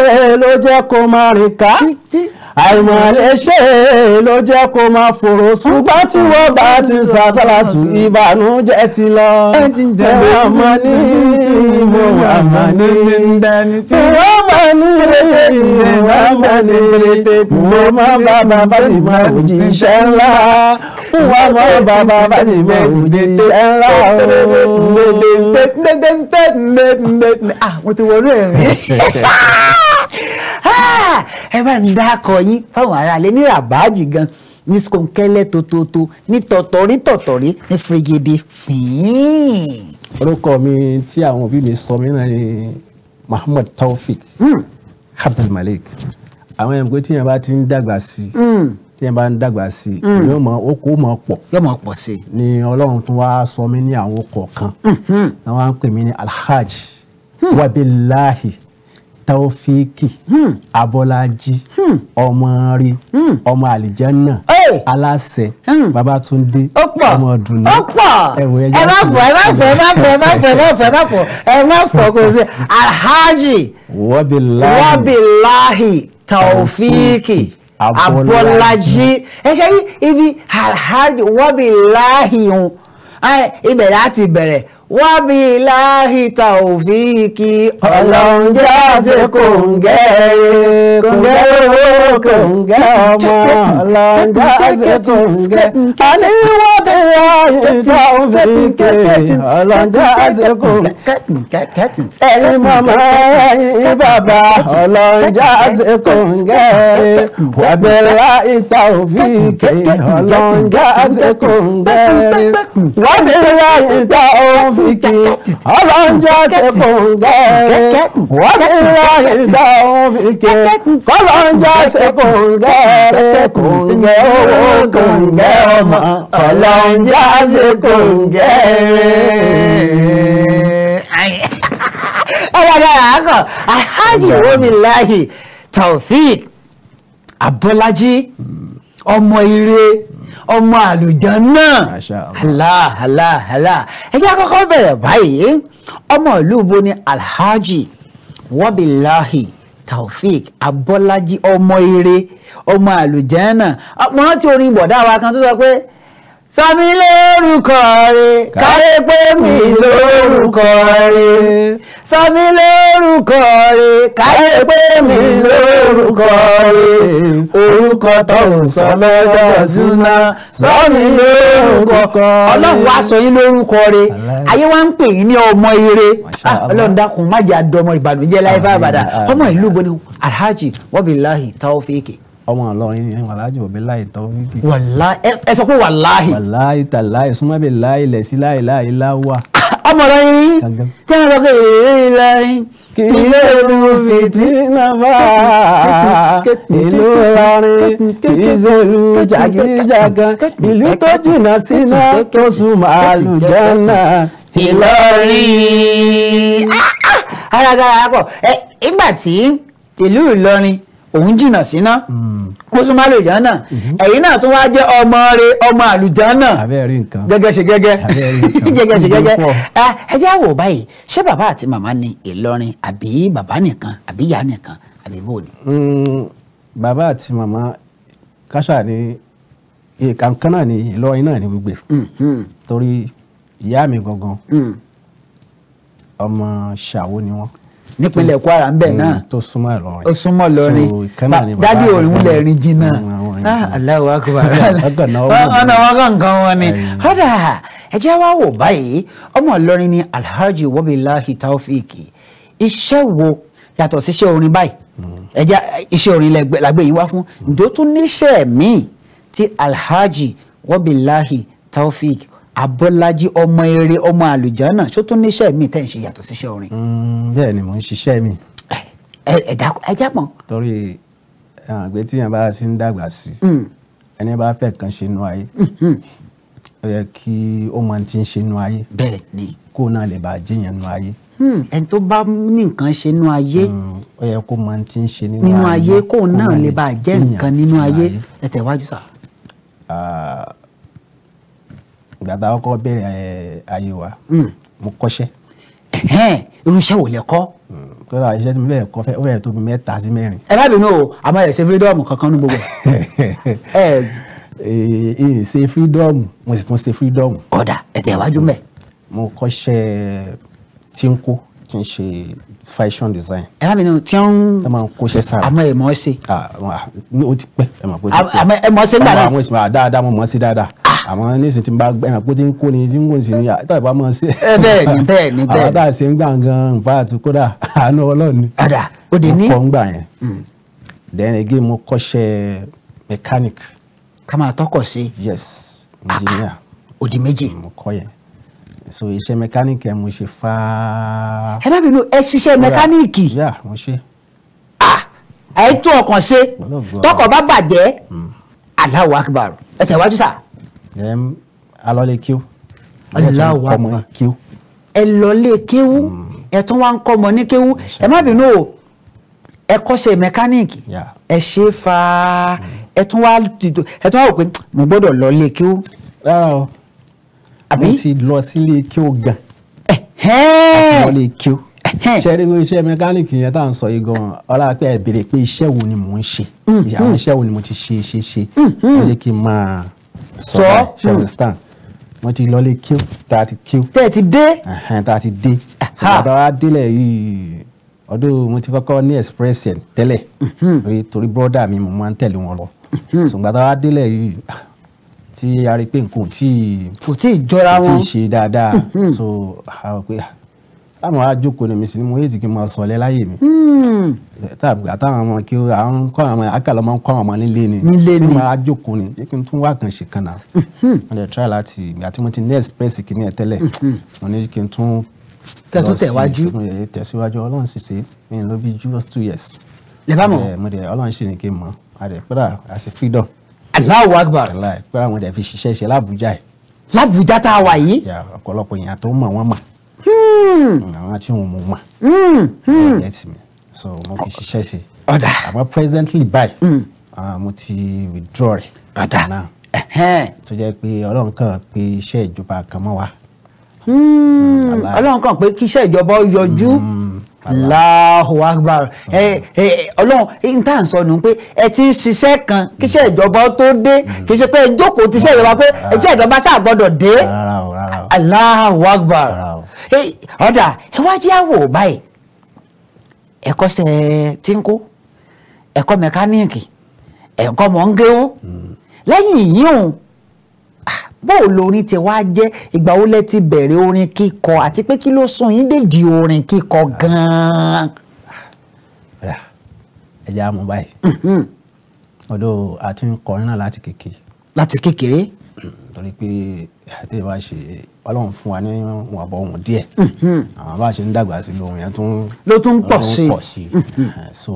ló jẹ́ kó máa rìn ká àìmọ̀lẹ́ ṣe ló jẹ́ kó máa fòrò ṣùgbọ́n tí wọ́n bá ti ṣàṣàlàtù ìbànújẹ́ ti lọ. tí wọ́n mọ̀ ní mo wà mọ̀ ní tí wọ́n mọ̀ ní rèé mo wà ní rèé mo máa bàbá ti mọ òjíṣẹ́ ńlá wà mọ́ bàbá bá ti mọ òjíṣẹ́ ńlá o. ah mo ti wọlé ẹ̀rín. Ah! ẹ bá ń dákọ yín fáwọn aráalé ní ràbáàjì gan ní skóńkẹ́lẹ́ tótótó ní tọ̀tọ̀rí tọ̀tọ̀rí ní fìrìgèdè fìín. orúkọ mi tí àwọn òbí mi sọ mí náà ni Muhammad Taofik hmm. Abdulmalik àwọn ẹ̀mí pé tí yẹn bá ti ń dàgbà sí i hmm. tí yẹn bá ń dàgbà sí hmm. yóò mọ okó mọ pọ̀ yóò mọ pọ̀ sí ni ọlọ́run tún wá sọ mí ní àwọn okọ̀ kan àwọn á ń pè mí ní alhaji wabilahi taofiki hmm. abọ́lájí hmm. ọmọ rí hmm. ọmọ àlìjánà hey. aláṣẹ hmm. babatunde ọmọ dùnú ẹwọ ẹjẹ fún ẹ má fọ ẹ má fọ ẹ má fọ ẹ má fọ ẹ má fọ ẹ má fọ kò sí alhaji wabilahi taofiki abọ́lájí ẹ ṣe rí ibi alhaji wabilahi ibẹ̀ láti bẹ̀rẹ̀ wábí láhìtà òfìkì ọlọ́run jẹ́ àṣẹ kòǹgẹ́ kòǹgẹ́ owó kòǹgẹ́ ọmọ ọlọ́run jẹ́ àṣẹ kòǹgẹ́ àní wábí láhìtà òfìkì ọlọ́run jẹ́ àṣẹ kòǹgẹ́ ẹ̀yin màmá ẹ̀yin bàbá ọlọ́run jẹ́ àṣẹ kòǹgẹ́ wábí láhìtà òfìkì ọlọ́run jẹ́ àṣẹ kòǹgẹ́ wábí láhìtà òfìkì kìkì ọlọ́njẹ́ ṣẹ̀kùn gẹ́ẹ́ wọ́n ti ra ìdá omi kì kọ́lọ́njẹ́ ṣẹ̀kùn gẹ́ẹ́ kùngẹ́ owó kùngẹ́ ọmọ kọ́lọ́njẹ́ ṣẹ̀kùn gẹ́ẹ́. ọlọ́dà àkọ́ Alhaji Wamilahi Taofeek Abọ́lájí ọmọ ire. Mm ọmọ àlùjànnà Allah Allah Allah ẹ jẹ́ kọ́kọ́ bẹ̀rẹ̀ báyìí ọmọ ìlú bo ni alhaji wabilahi taofik abọ́lájí ọmọ ire ọmọ àlùjànnà ọmọ rántí orin bọ̀dá wa kan tó sọ pé sami lórúkọ rẹ káyé pé mi lórúkọ rẹ sami lórúkọ rẹ káyé pé mi lórúkọ rẹ orúkọ tó ń sọ lọ́jọ́ zuna sami lórúkọ ọlọ́run wá sọ yín lórúkọ rẹ ayé wa ń pè yín ní ọmọ ire ah, ọlọ́run dákun má jẹ́ àdọ́mọ ìbànújẹ́ láyé fáwọn àbàdà ọmọ ìlú bọ́ni alhaji wabilahi taofeeke ọmọ Ìlọrin ni wàlájì òbí láì tọ́ wípé. wàlá ẹ sọ pé wàláì. wàláì tàláì súnmọ́bì láì lẹ̀sí láì láì láwà. ọmọ Ìlọrin ni tí wọ́n sọ pé èrè Ìlọrin kì í ṣèlú fìtínà bá ìlú Ìlọrin kì í ṣèlú jàgídíjàgan ìlú tó jìnnà síná tó súnmọ́ àlùjànnà Ìlọrin. ara ah, ah, gara pọ̀ ìgbà tí ìlú Ìlọrin òun jìnnà síná ó sún má lè yàn náà ẹ̀yin náà tún wáá jẹ́ ọmọ rẹ ọmọ àlùjànnà gẹ́gẹ́ ṣe gẹ́gẹ́ gẹ́gẹ́ ṣe gẹ́gẹ́ ẹ jẹ́ àwò báyìí ṣé bàbá àti màmá ni Ìlọrin àbí bàbá nìkan àbí ìyá nìkan àbí bò ni. Hmm, bàbá àti màmá káṣà ni kankan náà ni Ìlọrin náà ni gbogbo mm-hmm. torí ìyá mi gangan mm. ọmọ ṣàwo ni wọ́n nípínlẹ̀ Kwara ń bẹ̀ mm, náà tó súnmọ́ Ìlọrin ó súnmọ́ Ìlọrin dádì òun lè rìn jìnnà aláwọ̀ akọ̀bàrà ọ̀nà wọn kàn kan wọn ni kódà ẹ jẹ́ wò báyìí ọmọ Ìlọrin ni Alhaji Wabilahi Taofeek iṣẹ́ wo yàtọ̀ síṣẹ́ orin báyìí mm. ẹ jẹ́ iṣẹ́ orin làgbé yìí wá fún ǹjọ́ tún níṣẹ́ míì tí Alhaji Wabilahi Taofeek abọ́lájí ọmọ eré ọmọ àlùjánà ṣó tún níṣẹ́ mi tẹ́ ń ṣe yàtọ̀ síṣẹ́ orin. Mm, bẹ́ẹ̀ ni mò ń ṣiṣẹ́ mi. ẹ̀dá ẹja mọ̀. torí àgbẹ̀ tí yẹn bá ti ń dàgbà sí mm. ẹni bá fẹ́ kan ṣe inú ayé mm, ó yẹ kí ó máa ti ń ṣe inú ayé. ni. kó o náà lè bá a jiyàn inú ayé. Hmm, ẹni tó bá ní nǹkan ṣe inú ayé. ó yẹ kó máa ti ń ṣe nínú ayé kó náà lè bá a jẹ́ nǹkan nínú ayé ẹ tẹ̀wájú sá ìgbà táwọn kọ́ bẹ̀rẹ̀ ayé wa hmm. mo kọ́ṣẹ́. irúṣẹ́ wo lẹ kọ́. Hmm, kódà iṣẹ́ tí mo bẹ̀rẹ̀ kọ́ fẹ́ ó bẹ̀rẹ̀ tó bí mẹ́ta sí mẹ́rin. ẹ má bínú o àmọ́ ẹ̀ ṣe fírídọ́ọ̀mù kankan ní gbogbo ẹ ṣe fírídọ́ọ̀mù mo sì tún ṣe fírídọ́ọ̀mù. ọ̀dà ẹ̀tẹ̀ iwájú mẹ́. mo kọ́ṣẹ́ tí ń kó kí n ṣe fashion design. ẹ má bínú tí ń. ẹ máa ń kóṣẹ́ sára. àmọ́ ah, ẹ mọ̀ ọ́ ṣe. ó ti pẹ́ ẹ mọ̀ ọ́ ṣe. àmọ́ ẹ mọ̀ ọ́ ṣe gbàdá. àmọ́ àmọ́ nísìnyí tí n bá ẹ̀ràn pé tí n kó ni tí n kò sí ni àtàwọn ìbá máa ṣe. bẹ́ẹ̀ ni bẹ́ẹ̀ ni bẹ́ẹ̀. àwọn tá a ṣe ń nfa àti kódà àánú ọlọ́run ni. padà ó di ní. mo ń gbà yẹn. Mm. then again mo kọ́ṣẹ́ mechanic. ká máa tọkọ sí. yes engineer. Ah, ó di méjì. Mm, mo kọ́ yẹn so iṣẹ́ mechanic ẹ mo ṣe fáá. ẹ bá bínú ẹ ṣiṣẹ́ mẹkáníìkì. yà mo ṣe. Ah, ẹ tún ọkàn ṣe tọkọ bá bàjẹ́ mm. Allahu Akbar ẹ tẹ̀wájú sáà alọ́lé kíw aláwọ̀ ọmọ kíw. ẹ lọlé kíw mm. ẹ tún wá ń kọ́ ọmọ ní kíw ẹ má bínú o ẹ kọ́ṣẹ́ mẹkáníìkì ẹ ṣe é fa mm. ẹ tún wá ẹ tún wá wò pé mo gbọ́dọ̀ lọlé kíw. rárá o mo ti lọ sílé kíw gan àti lọlé kíw ṣẹ́rí wo iṣẹ́ mẹkáníìkì yẹn tá à ń sọ yìí gan-an ọlá pé ẹ pé iṣẹ́ wo ni mò ń ṣe mm-hmm. àwọn iṣẹ́ wo ni mo ti ṣe ṣe ṣe ó mm-hmm sọ ṣe hmm. understand wọ́n ti lọ lé kíw tá a ti kíw. tẹ́ ẹ ti dé. tá a ti dé ṣàgbàdo ah, wa délẹ̀ yìí ọdún mo ti kọ́kọ́ ní express yẹn tẹ́lẹ̀ mhm. torí brọ́dà mi mo máa ń tẹ̀lé wọn lọ ṣùgbàdo wa délẹ̀ yìí ah, tí a rí i pé nǹkan ò tí ì kò tí ì jọra wọn kò tí ì ṣe dáadáa mhm. so àwọn pé ah, táwọn ará jókòó ni mi sì ni mo yé kí n máa sọlẹ láyè mi. Hmm. tàbí àtàwọn ọmọ kí àwọn kọ́ àwọn akálọ̀ máa ń kọ́ àwọn ọmọ nílé ni tí mo ará jókòó ni jẹ́ kí n tún wá kan ṣe kan náà. wọ́n hmm. lè try láti ìgbà tí mo ti ní express kìíní ẹ̀ tẹ́lẹ̀ wọ́n hmm. ní kí n tún kẹtù tẹ̀wájú tẹ̀síwájú ọlọ́run sì ṣe mi ló bí just two years. lè bá mọ̀ mo dẹ̀ ọlọ́run sì ní kí n mọ̀ a dẹ̀ pẹ́rà a sì fi dọ̀. Allahu Akbar. pẹ́rà mo dẹ̀ fi àwọn àti wọn mo mà hmm. ẹ ti mi so mo fi ṣiṣẹ́ ṣe ọ̀dà àmọ́ presently by. Hmm. mo ti withdraw rẹ̀ ọ̀dà náà tó jẹ́ pé ọlọ́run kàn pé iṣẹ́ ìjọba kan mọ́ wa. Hmm. ọlọ́run kàn pé kí iṣẹ́ ìjọba ó yọjú. Allahu Akbar Ọlọ́run n tá à ń sọ nù pé ẹ ti ń ṣiṣẹ́ kan kíṣẹ́ ìjọba tó dé kì í ṣe pé ẹ jókòó ti ṣe ìjọba pé ẹṣẹ́ ìjọba ṣáà gbọ́dọ̀ dé Allahu Akbar ọ̀dà ẹ wá jẹ́ àwò báyìí ẹ̀kọ́ṣẹ́ tíńkó ẹ̀kọ́ mẹkáníìkì ẹ̀kọ́ mọ̀ńgéwó hmm. lẹ́yìn yíyún bóò lorin ti wá jẹ́ ìgbà wo lẹ ti bẹ̀rẹ̀ orin kíkọ àti pé kí ló sún yín dé di orin kíkọ gan-an. ẹ jẹ́ àmọ́ báyìí ọ̀dọ̀ mm-hmm. àti ń kọrin náà láti kékeré. láti kékeré. Mm, torí pé àti ìbá ṣe ọlọ́run fún wa ní wọn bọ̀ díẹ̀ mm-hmm. àwọn bá ń dàgbà sí lóhun yẹn tún ló tún pọ̀ sí i mm-hmm. so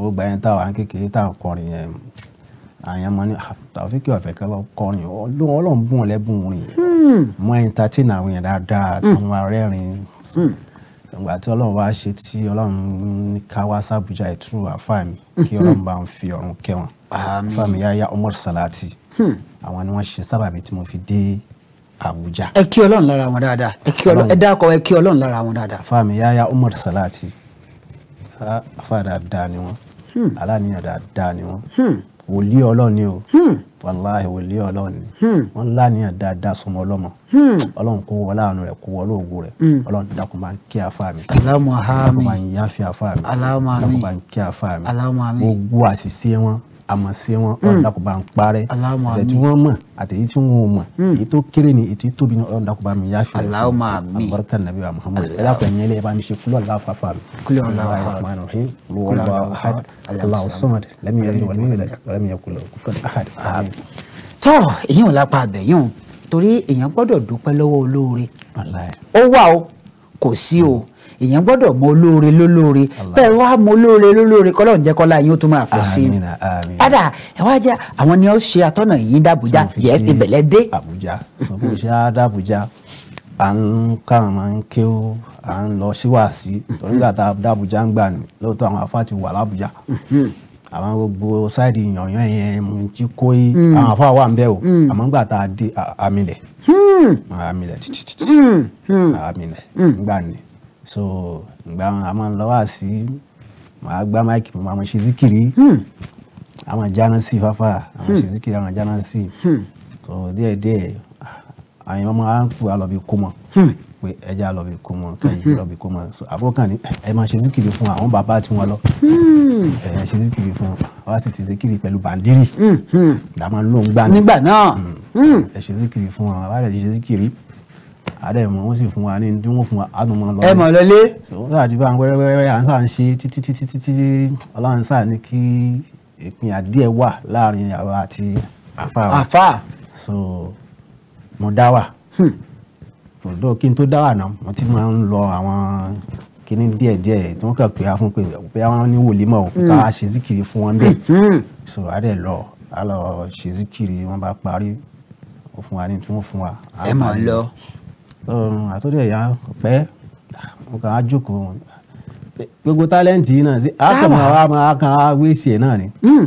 ó gbà yẹn táwọn kékeré táwọn kọrin yẹn àyàn mọ ní Taofeek Afẹkẹ lọ kọrin ọlọ́run ọlọ́run bùn ọlẹ́bùn rìn mọ hmm. ẹ̀ńtátìn àwọn yẹn dáadáa tí hmm. wọ́n rẹ́rìn hmm. ìgbà tí ọlọ́run wá ṣe tí ọlọ́run ní ká wá sábùjá ìtúrò àfa mi kí ọlọ́run bá ń fi ọ̀run kẹwọn àfa mi yáyá Umar Salati àwọn ni wọ́n ṣe sábàbí tí mo fi dé Àbújá. ẹ kí ọlọ́run lára wọn dáadáa ẹ kí ọlọ́run ẹ dákọ ẹ kí ọlọ́run lára wọn dáadáa. àfa mi yáyá Umar Salati ah, àfa dáadáa ni wọn aláníyàn dáadáa ni wọn wòlíì ọlọ́run ni o hmm. wàláhì wòlíì ọlọ́run ni hmm. wọ́n lánìyàn dáadáa sọmọ ọlọ́mọ hmm. ọlọ́run kó wọlé àánú rẹ̀ kó wọlé ògo rẹ̀ ọlọ́run dákun máa ń kí afá mi dákun máa ń yáfi afá mi dákun máa ń kí afá mi gbogbo àṣìṣe wọn àmọ̀sí wọn ọ̀dàkùnbà hmm. ń parẹ́ ẹ̀ṣẹ̀ tí wọ́n mọ̀ àti èyí tí wọ́n mọ̀ hmm. èyí tó kéré ni èyí tóbi ni ọ̀dàkùnbà mi yá fẹ́ àbúrò nàbí wa Muhammad ẹ̀dàkùn ẹ̀yìn ẹlẹ́yẹ bá mi ṣe kúlọ̀ láfa fa mi. kúlọ̀ láfa fa mi kúlọ̀ láfa fa mi Allahu samad lam yalid wa lam yakul lahu kufuwan ahad. tọ́ èyí ò lápá abẹ yìí torí èèyàn gbọ́dọ̀ dúpẹ́ lọ́wọ́ olóore ó wà ó kò sí o hmm. èèyàn gbọ́dọ̀ mọ olóore lólóore bẹ́ẹ̀ wá mọ olóore lólóore kọ́lọ́run jẹ́ kọ́lá yín ó tún máa fọ́ sí i padà ẹ wá jẹ́ àwọn ni ó ṣe atọ́nà yín dàbújá yẹ ẹ bẹ̀lẹ̀ dé. àbújá sọ́bùjá dàbújá à ń káwọn máa ń ké à ń lọ síwáàsí torí nígbà tá a dàbújá ń gbà ní lóòótọ́ àwọn afá ti wà lábújá hmm. àwọn gbogbo sáìdì yànyàn yẹn mú jí kóyé àwọn afá wà ń bẹ̀ o hmm. àmọ́ nígbà tá a dé àmì lẹ̀ Hmm. ara mi lẹ̀ títí títí ara mi hmm. so ngbà a máa ń lọ wá sí màá gbá máìkì mo máa mọ ṣe zikiri hmm. a máa jáná sí fáfá a máa ṣe zikiri a máa jáná sí so díẹ̀ díẹ̀ àwọn èèyàn máa ń pè wá lọ bí kó mọ pé ẹja lọ bí kó mọ kẹyìn lọ bí kó mọ àfọkànni ẹ máa ṣe zikiri fún àwọn bàbá tí wọn lọ hmm. ẹ ṣe zikiri fún wa sì ti zikiri pẹ̀lú bàndírì dàmà hmm. ló ń gbà nígbà náà hmm. ẹ ṣe zikiri fún wa àwọn àdàdì ṣe zikiri àdà ìmọ̀ wọ́n sì fún wa ní tí wọ́n fún wa àánú máa lọ. ẹ mọ̀ lọlé. sọ́wọ́n sáà ti bá wọn wẹ́rẹ́wẹ́rẹ́ à ń sáà ń ṣe títí títí títí ọlọ́run sáà ní kí ìpínyà díẹ̀ wà láàrin àwa àti àfa wa. so mo dá wà ọ̀dọ́ kí n tó dá wà náà wọ́n ti máa ń lọ àwọn kíní díẹ̀ díẹ̀ tí wọ́n kàn pé á fún pé pé wọ́n ní wòlímọ̀ ò ká hmm. ṣe zikiri fún wọn bẹ́ẹ̀ hmm. so á dẹ̀ lọ á lọ ṣe zikiri wọ́n bá parí ó fún wa ní tí wọ́n fún wa. ẹ mọ̀ ń lọ. Um, àtúndì ẹ̀yà pẹ́ mo kàn á jókòó gbogbo tálẹ́ǹtì yìí náà sí àkàmọ́ àwọn àmọ́ àkàn wíṣì ẹ̀ náà ni hmm.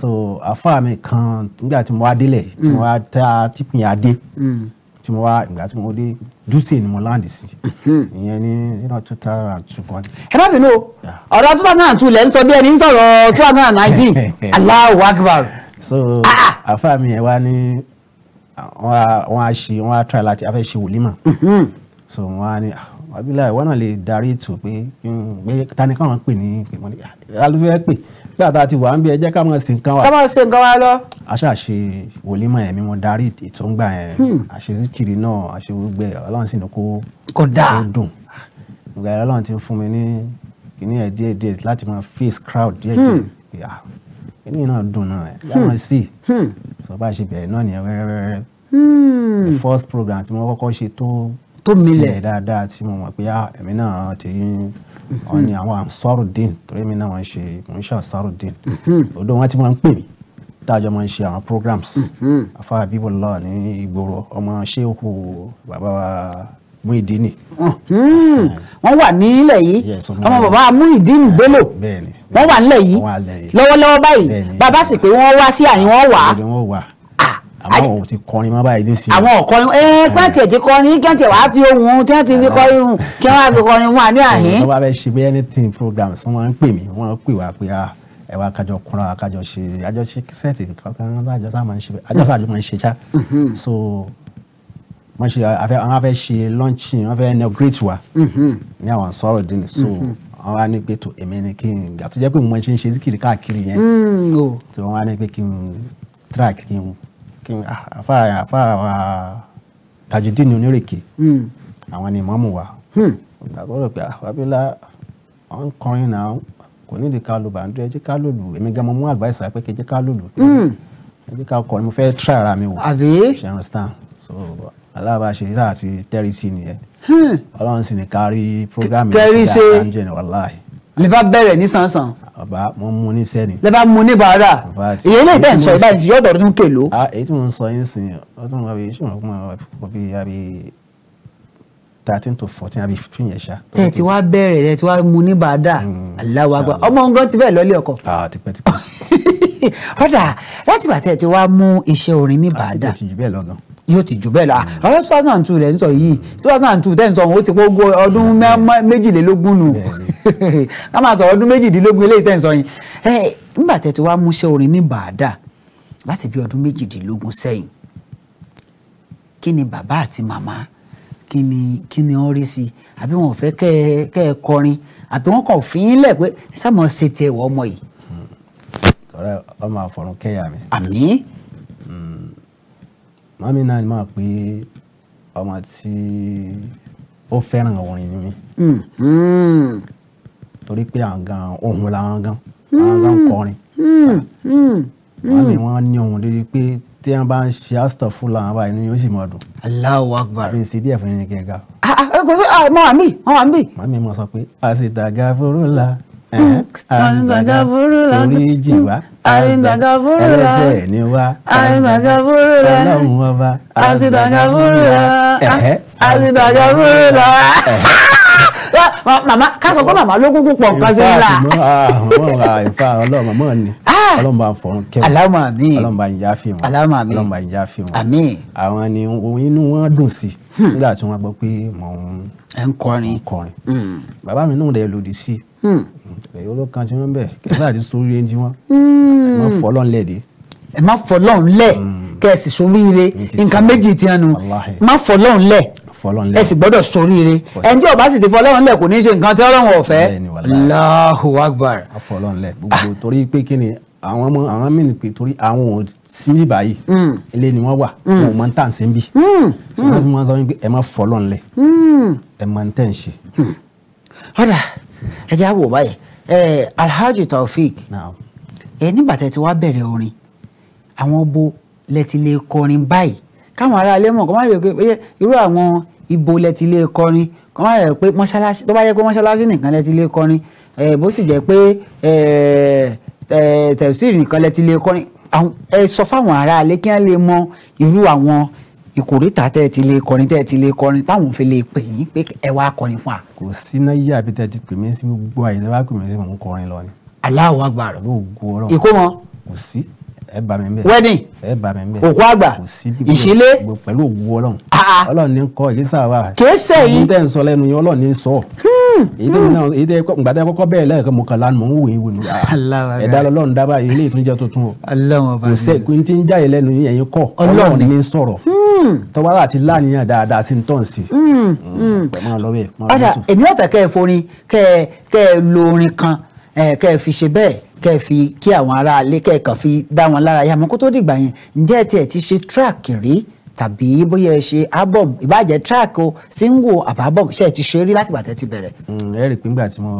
so àfáà mi kan nígbà tí mo wá délẹ̀ tí mo wá tá a tìpín adé. Mm tí mo wá ìgbà tí mo dé dúsè ni mo láǹdì sí hmm. ìyẹn ní two thousand and two kan. ẹ má bínú ọ̀rọ̀ two thousand and two lẹ́ sọ bí ẹni ń sọ̀rọ̀ two thousand and nineteen Allahu Akbar. so ah, ah. àfa mi yẹn wá ní wọ́n á ṣe wọ́n á try láti afẹ́ ṣe wòlímà hmm. so wọ́n á ní ah abilà ìwọ náà lè darí ètò pé ta ni káwọn pè ní pèmọ́lì alufẹ́ pè pé àtà ti wà ń bí ẹ jẹ́ ká máa ṣe nǹkan wa. ká máa ṣe nǹkan wa lọ. a ṣáà ṣe wòlímọ̀ ẹ̀mí wọn darí ètò ń gbà yẹn àṣezíkiri hmm. náà àṣewúgbẹ́ ọlọ́run sì ní kó kó dùn ìgbà yẹn ọlọ́run ti fún mi ní kíní ẹ̀ díẹ̀ díẹ̀ láti máa face crowd díẹ̀ díẹ̀ hmm. ah, kíní náà dùn náà hmm. yàrá sí sọ bá ṣe bẹ̀rẹ̀ náà nìyẹn wẹ́rẹ́wẹ́rẹ́ the first program tí wọ́n kọ́kọ́ ṣe tó tó milẹ̀ dáadáa tí mo mọ̀ pé ẹ̀mí ah, náà ti wọn ni àwọn ansarudin torí èmi náà wọ́n ṣe mò ń ṣe ansarudin mm-hmm. odò wọn ti máa ń pè mí táàjọ máa ń ṣe àwọn programs afa mm-hmm. abibullah ní ìgboro ọmọ ṣéhù bàbá wa Muidini. Mm-hmm. Eh. wọ́n wà nílẹ̀ yìí ọmọ bàbá Muidini eh, Bello wọ́n wà nílẹ̀ yìí lọ́wọ́lọ́wọ́ báyìí bàbá sì pé wọ́n wá sí àyìn wọ́n wà àwọn ò ti kọrin mọ́ báyìí dé sí i. àwọn ọkọrin ẹ eh, kí wọn tiẹ̀ ti kọrin kí wọn tiẹ̀ wàá fi ohun tí wọn ti fi kọrin kí wọn wàá fi kọrin wọn àní àhín. wọ́n bá fẹ́ ṣe bí anything program sí wọn ń pè mí wọ́n pè wá pé ah, ẹ wá kájọ kúnra kájọ ṣe àjọṣe sẹ́ẹ̀tì kankan àjọṣà máa ń ṣe àjọṣà àjọ máa ń ṣe ṣá. Mm-hmm. so wọ́n ṣe àwọn afẹ́ ṣe launching wọ́n fẹ́ inaugurate wa mm-hmm. ní àwọn sọ̀rọ̀ dín so mm-hmm. wọ́n wá ní pé to èmi ni kí n àtúnjẹ́ pé mo ṣe ń ṣe zikiri káàkiri yẹn so wọ́n wá ní pé kí n track kí n kí ni ah, àfa àfa tajudeen onírèké hmm. àwọn ni mọ́mù wa hmm. àgbọ̀rọ̀ pé àfàbílà ah, wọn kọrin náà kò ní ìdí ká lù bàǹdù ẹ jẹ́ ká lù lù èmi gan mo mú advice pé kí ẹ jẹ́ ká lù lù hmm. ẹ jẹ́ ká kọrin mo fẹ́ try ara mi wò ṣe understand so alábàáṣe tá a ti tẹ́rí sí nìyẹn ọlọ́run sì ní ká rí yìí kí ẹ wàláì lè bá bẹ̀rẹ̀ ní sánsan. bàbá mo mú ní sẹ́ni. lè bá mú ní bàárà. èyí lè tẹ̀ ń sọ ìbáyìí tí yóò dọ̀rọ̀ tún kèlò. Ah, èyí tí mo ń sọ yín sìn ọ́ tún wà bí ṣùgbọ́n kó máa wà bí àbí thirteen to fourteen àbí fifteen yẹn ṣá. ẹ ti wá bẹ̀rẹ̀ ẹ ti wá mú ní bàárà hmm, aláwọ̀ àgbà ọmọ nǹkan ti bẹ́ẹ̀ lọ́lé ọkọ. Ah, tipẹ́tipẹ́. ọ̀dà láti bàtẹ́ ti wá mú iṣẹ́ orin ní ah, bàárà. àbí yóò ti jù bẹ́ẹ̀ la ọ̀rọ̀ oh two thousand and two rẹ̀ ń sọ yìí oh two thousand and two tẹ́ǹsọ̀ ó ti kógo ọdún méjìlélógún nù ká máa sọ ọdún méjìdínlógún eléyìí tẹ́ǹsọ̀ yìí ẹ nígbà tẹ́ ti wá múṣẹ́ orin ní bàdà láti bí ọdún méjìdínlógún sẹ́yìn kí ni bàbá àti màmá kí ni kí ni wọ́n rí sí àbí wọn ò fẹ́ kẹ́ ẹ kẹ́ ẹ kọrin àbí wọn kàn fi í lẹ̀ pé sáà ṣe tiẹ̀ wọ́ ọmọ yìí. ọ̀rẹ́ ọmọ màmí náà ni máa pé ọmọ tí ó fẹ́ràn orin ni mí hmm, hmm. torí pé àwọn gan ohun làwọn gan àwọn gan hmm, kọrin màmí ah. wọn ní ohun débi pé tí wọn bá ń ṣe astafula àwọn báyìí ni yóò sì máa dùn. Allahu Akbar. àbí sí díẹ̀ fún yín kí n ga. Ah, ah, kò sí màmí màmí. màmí mo sọ pé àṣìdàgà fúrúlà. Eh, eh, àyìndàga burúkú oríjì wa àyìndàga burúkú ẹlẹ́ṣẹ̀ ni wa àyìndàga burúkú Ọlọ́run ọba àtìdàga burúkú àtìdàga burúkú. màmá ká sọ pé màmá ló kúkú pọ̀ nǹkan sí ńlá. ìfà Ọlọ́run màmá ni ah! Ọlọ́run bá ń fọrún kẹwọn aláwọ àmì Ọlọ́run bá ń yá fi wọn aláwọ àmì Ọlọ́run bá ń yá fi wọn àmì. àwọn ni inú wọn dùn sí hmm. nígbà tí wọn gbọ́ pé mò ń kọrin hmm. bàbá mi náà lè lòdì sí hmm ẹ̀yọ́ ló kan tí wọ́n bẹ̀ kẹsàn àti sórí ẹni tí wọ́n hmm. ẹ má fọlọ́n lẹ̀ dé. ẹ má fọlọ́n lẹ̀ hmm. kẹsì sóríire nǹkan méjì tí wọn nu má fọlọ́n lẹ̀ ẹ sì gbọ́dọ̀ sóríire ẹni tí ọba sì ti fọlọ́n lẹ̀ kò ní ṣe nǹkan tí ọlọ́run ọ̀fẹ́ Allahu Akbar. má fọlọ́n lẹ̀ gbogbo torí pé kí ni àwọn ọmọ àwọn mìíràn pé torí àwọn ò síbí báyìí hmm. ilé ni wọ́n wà wọn ò mọ tá à ń síbí ṣùgbọ́n fún wọn sọ wípé ẹ má fọlọ́n lẹ̀ ẹ má tẹ̀ ń ṣe ẹ jẹ́ àwò báyìí Alhaji Taofeek nígbà tẹ́ ti wá bẹ̀rẹ̀ orin àwọn bo lẹ ti lè kọrin báyìí káwọn ará ilé mọ̀ kọ́ máa yẹ pé irú àwọn ibo lẹ ti lè kọrin kọ́ máa yẹ pé mọ́ṣáláṣí tó bá yẹ pé mọ́ṣáláṣí nìkan lẹ ti lè kọrin bó sì jẹ́ pé tẹ̀síìrì nìkan lẹ ti lè kọrin ẹ sọ fáwọn ará ilé kí wọ́n lè mọ irú àwọn ìkòríta tẹ́ ẹ ti lè kọrin tẹ́ ẹ ti lè kọrin táwọn fi lè pè yín pé ẹ wá kọrin fún wa. kò sí náírà àbí tẹ́ ẹ ti pè mí sí gbogbo àyè tẹ́ bá pè mí sí mò ń kọrin lọ ni. Allahu Akbar ìkómọ kò sí ẹ bá mi bẹ wedding ẹ bá mi bẹ òkú àgbà ìṣílé pẹ̀lú òwú Ọlọ́run ah, ah. Ọlọ́run ní kọ ìrísà wa kèésè yìí ní sọ lẹ́nu yẹn Ọlọ́run ní sọ èyí tẹ gbàdá kọ́kọ́ bẹ́ẹ̀ lẹ́ẹ̀kan mọ kàlá mọ ń wò yín wò ní. ẹ̀dá Ọlọ́run dábàá yìí ilé ìtúnjẹ tuntun o. kò sẹ kò ní ti ń já yẹn lẹ́nu yẹn kọ Ọlọ́run ní ń sọ̀rọ̀ hmm. tọwọ́ àti láàníyàn dáadáa sí ń tàn sí. Hmm, hmm. ọ̀dà èmi ò kẹ́ ẹ forin kẹ́ ẹ lo orin kan kẹ́ ẹ fi ṣe bẹ́ẹ̀ kẹ́ ẹ fi kí àwọn aráalé kẹ́ ẹ kàn fi dá wọn lára yá kó tó dìgbà yẹn tàbí bóyá ẹ ṣe album ìbàjẹ́ track o single àbá album ṣe ti ṣe rí látìgbà tẹ́ ti bẹ̀rẹ̀. Mm, ẹ rí i pé nígbà tí mo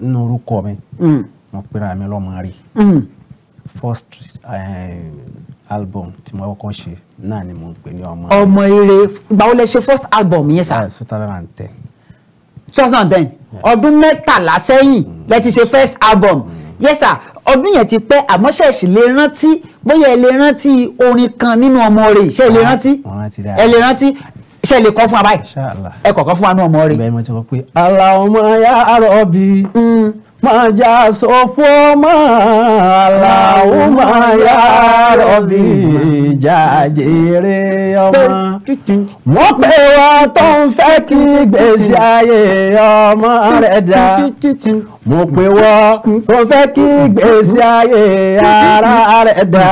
nínú orúkọ mi mm. mo pera mi lọ́mọ rí mm. first eh, album tí mo kọ́kọ́ ṣe náà ni mo ń pè ní ọmọ. ọmọ eré ìgbà wo lẹ ṣe first album yẹn sá. two thousand and ten. two thousand and ten ọdún mẹ́tàlá sẹ́yìn lẹ ti ṣe first album. Mm yes sir ọdún yẹn ti pẹ́ àmọ́ ṣẹ̀ṣì lè rántí bóyá ẹ lè rántí orin kan nínú ọmọ rẹ̀ ṣe lè rántí ẹ lè rántí ṣe lè kọ́ fún wa ẹ kọ̀ọ̀kan fún wa ní ọmọ rẹ̀. bẹ́ẹ̀ mo ti rò pé Allahumma ya Rabbi. Maja sofo ma Allahumma ya Rabbi jàjèrè ọmọ. Wọ́n pè wá tó ń fẹ́ kí gbèsè ayé ọmọ rẹ̀ dá. Mo pè wá tó ń fẹ́ kí gbèsè ayé ara rẹ̀ dá.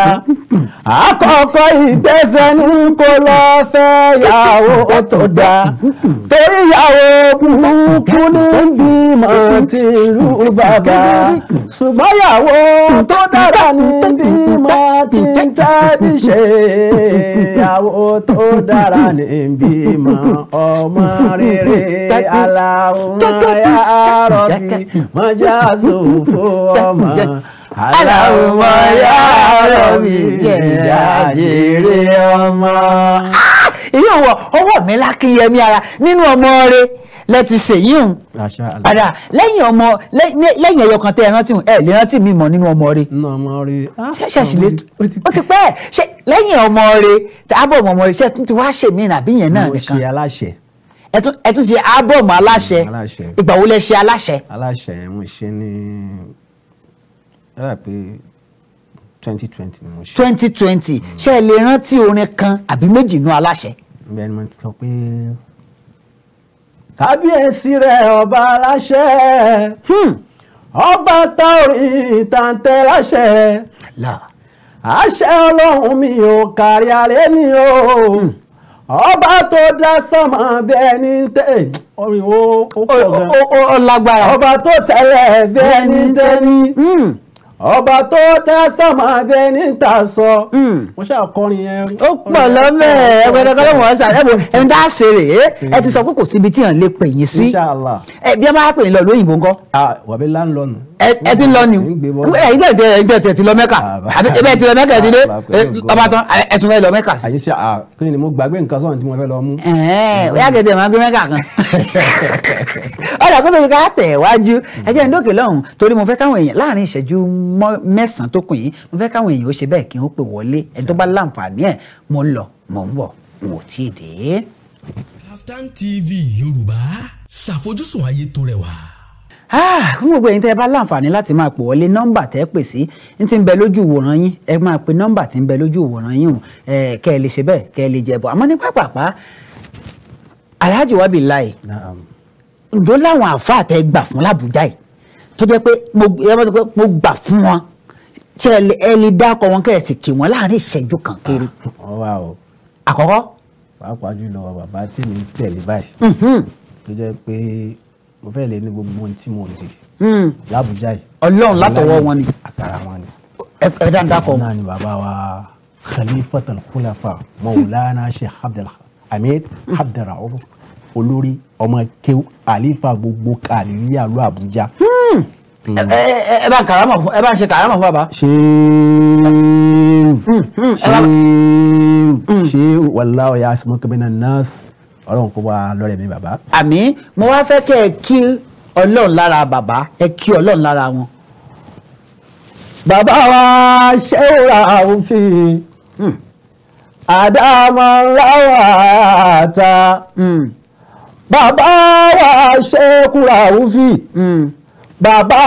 Àkọ́kọ́ ìgbésẹ̀ ní kó lọ fẹ́ yàwó tó dá. Torí yàwó kúkú ní bímọ tìlú bá bàbá ṣùgbọ́n ìyàwó tó dára ní bí mo ti ń tẹ́bí ṣe ìyàwó tó dára ní bí mo ọmọ rere aláwọ̀ ya rọ̀bì mọ́jà sòfò ọmọ aláwọ̀ ya rọ̀bì ìyá jèrè ọmọ. ìyá ah! wọ ọwọ́ mi lákìyẹmí ara nínú ọmọ rẹ̀ lẹ ti ṣèyí hùn padà lẹ́yìn ọmọ lẹ́yìn ẹyọ kan tẹ ẹ rántí ẹ lè rántí mi mọ nínú ọmọ rẹ ṣẹṣẹ ah, sì lè ó ti pẹ́ ṣe lẹ́yìn ọmọ rẹ ábọ̀mù ọmọ rẹ ṣe tún ti wá ṣèmí nàbí yẹn náà nìkan ẹ tún ṣe ábọ̀mù aláṣẹ ìgbà wo lẹ ṣe aláṣẹ. aláṣẹ yẹn mo ṣe ní ẹ rà pé twenty twenty ni mo ṣe. twenty twenty ṣe lè rántí orin kan àbí méjì nú aláṣẹ. bẹ́ẹ̀ ni mo sọ pé kábíyèsí rẹ̀ ọba aláṣẹ hmm. ọba táorí tàǹtẹ̀ láṣẹ àṣẹ ọlọ́run mi ò kárí aré ni o hmm. ọba tó dá sánmà bẹ́ẹ̀ ni tẹ̀ orin ó pọ̀ gan ọba tó tẹ̀lẹ̀ bẹ́ẹ̀ ni tẹ̀ ni ọba tó tẹ́ sọ́mọ abẹ níta sọ. Hmm. mo ṣàkọrin yẹn. ó pọ̀ lọ́mẹ̀ ẹgbẹ́dẹ́ kọ́ lọ́mọ̀ ọ̀sán ẹ̀bùn ẹni tá a ṣe rèé ẹ ti hmm. sọ pé kò síbi tí à ń lè pè yín sí. bí a bá pè yín lọ lóyìnbó ńkọ́. Ah, wàbí láńlọ́nù ẹ ti lọ ni ẹyin tẹ tẹ ẹyin tẹ tẹ ti lọ mẹ́kà ah, àbí ẹ ti lọ mẹ́kà ẹ ti dé ah, eh, ọba tán ẹ tún fẹ́ lọ mẹ́kà sí. àyè ṣe à ah, kí ni mo gbàgbé nǹkan sọ̀rọ̀ tí mo fẹ́ lọ mú. ẹ̀ẹ́ ó yà tètè máa gbé mẹ́kà kan ọ̀dà kó tó ti ká tẹ̀ wájú ẹ jẹ́ ndókè lọ́hùn torí mo fẹ́ káwọn èèyàn láàrin ìṣẹ́jú mẹ́sàn-án tó kù yìí mo fẹ́ káwọn èèyàn ó ṣe bẹ́ẹ̀ kí wọ́n pè wọlé ẹni TV Yorùbá ṣàfojúsùn ayé tó rẹwà. Ah, fún gbogbo ẹ̀yin tẹ́ ẹ bá láǹfààní láti máa pè wọlé nọ́mbà tẹ́ ẹ pè sí ní ti ń bẹ lójú ìwòran yín ẹ máa pe nọ́mbà tí ń bẹ lójú ìwòran yín o kẹ́ ẹ lè ṣe bẹ́ẹ̀ kẹ́ ẹ lè jẹ̀bọ̀ àmọ́ ní pápápá Alhaji Wabilahi ǹdó láwọn àáfàá tẹ́ gbà fún làbújá yìí tó jẹ́ pé mo gbà fún wọn ṣe ẹ lè dákọ̀ wọn kẹ́ ẹ sì kì wọ́n láàrin ìṣẹ́jú kan kéré. àkọ́kọ́. pàápàá jùlọ bàbá tí mi tẹ̀lé báyìí tó jẹ́ pé mo fẹ́ lè ní gbogbo ohun tí mo di. Hmm. lábújá yìí. ọlọ́run látọwọ́ wọn ni. àtàrà wọn ni. ẹ dáadáa kọ. náà ni bàbá wa khalifatul khulafa maulana sheikh abdul hamid abdulrauf olórí ọmọ kéw àlífà gbogbo kàlíyà ló àbújá. Hmm. Hmm. ẹ bá karama fún ẹ bá ṣe karama fún bàbá. ṣéèrù ṣéèrù ṣéèrù wàlláhu yà á sọ mọ́ kẹ́mẹ́nà nọ́ọ̀sì ọlọ́run kó wá lọ́rẹ̀ mi bàbá. àmín mo wá fẹ́ kẹ́ ẹ kí ọlọ́run lára bàbá ẹ kí ọlọ́run lára wọn. bàbá wa ṣé ó ra òfin hmm. àdámọ̀ láwà ta hmm. bàbá wa ṣé kúra òfin hmm. bàbá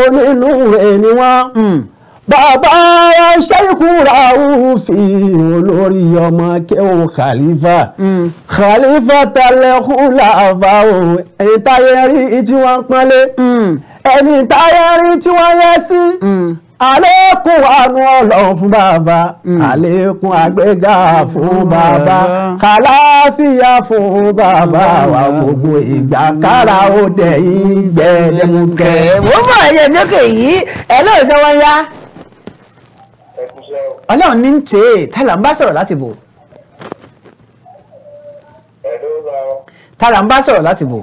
onínúure ni wọ́n bàbá ṣẹ́yìnkù ràúfì olórí ọmọ kéwòn khalifa mm. khalifa tẹlẹkùn làbà o ẹni táyé rí tí wọ́n pọ́nlé mm. ẹni táyé rí tí wọ́n yẹ sí mm. àlékún àánú ọlọ́run fún bàbá àlékún àgbéga fún bàbá kàláfíà fún bàbá wa gbogbo ìgbà kára ó dẹ̀ yín gbẹ̀dẹ̀mùkẹ́. wọ́n mọ̀ ẹ̀yẹ́ lókè yìí ẹ̀ lóòótọ́ wọ́n yá ọlọ́run ní ń tè é tálà ń bá sọ̀rọ̀ láti bò. tálà ń bá sọ̀rọ̀ láti bò.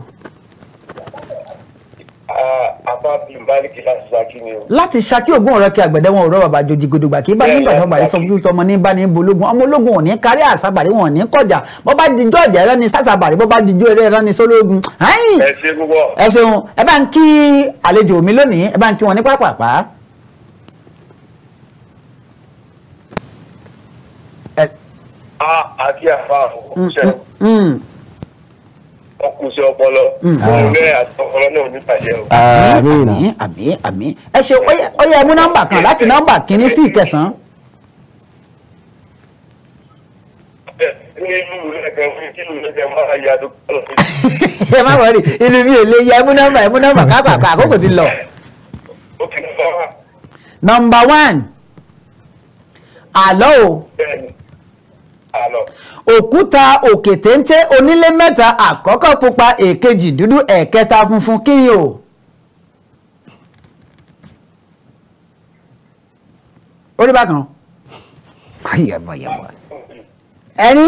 láti ṣakí ògùn ọ̀rọ̀ kí àgbẹ̀dẹ wọn ò rọ bàbá jòjì gòdògbà kí bá ní ìbàdàn bàdé sọfúnjú tọmọ ní bá ní bológun ọmọ ológun ò ní kárí àṣàbàrí wọn ò ní kọjà bó bá dijọ́ ọ̀jà ẹ̀rọ ni sàṣàbàrí bó bá dijọ́ ẹ̀rọ ẹ̀rọ ni sólógun. ẹ ṣeun ẹ bá ń kí àlejò mi lónìí ẹ bá ń kí wọn ní pápápá. a àti àfa àfọkùnṣẹ ọkùnṣẹ ọpọlọ ọrẹ mm. àti ọpọlọ náà ní bàjẹ́ o. àmín àmín àmín ẹ ṣe ó yẹ mú nọ́mbà kan láti nọ́mbà kínní sí ìkẹsàn-án. ẹ má wọrí inú mi ò lè yẹ ẹ mú nọ́mbà ẹ mú nọ́mbà kápákọ àkókò ti lọ. nọ́mbà one àlọ́ o. bẹ́ẹ̀ni òkúta òkè téńté onílé mẹ́ta àkọ́kọ́ pupa èkejì dúdú ẹ̀kẹta funfun kí ni o. orí bákan yẹ̀bọ̀ yẹ̀bọ̀ ẹni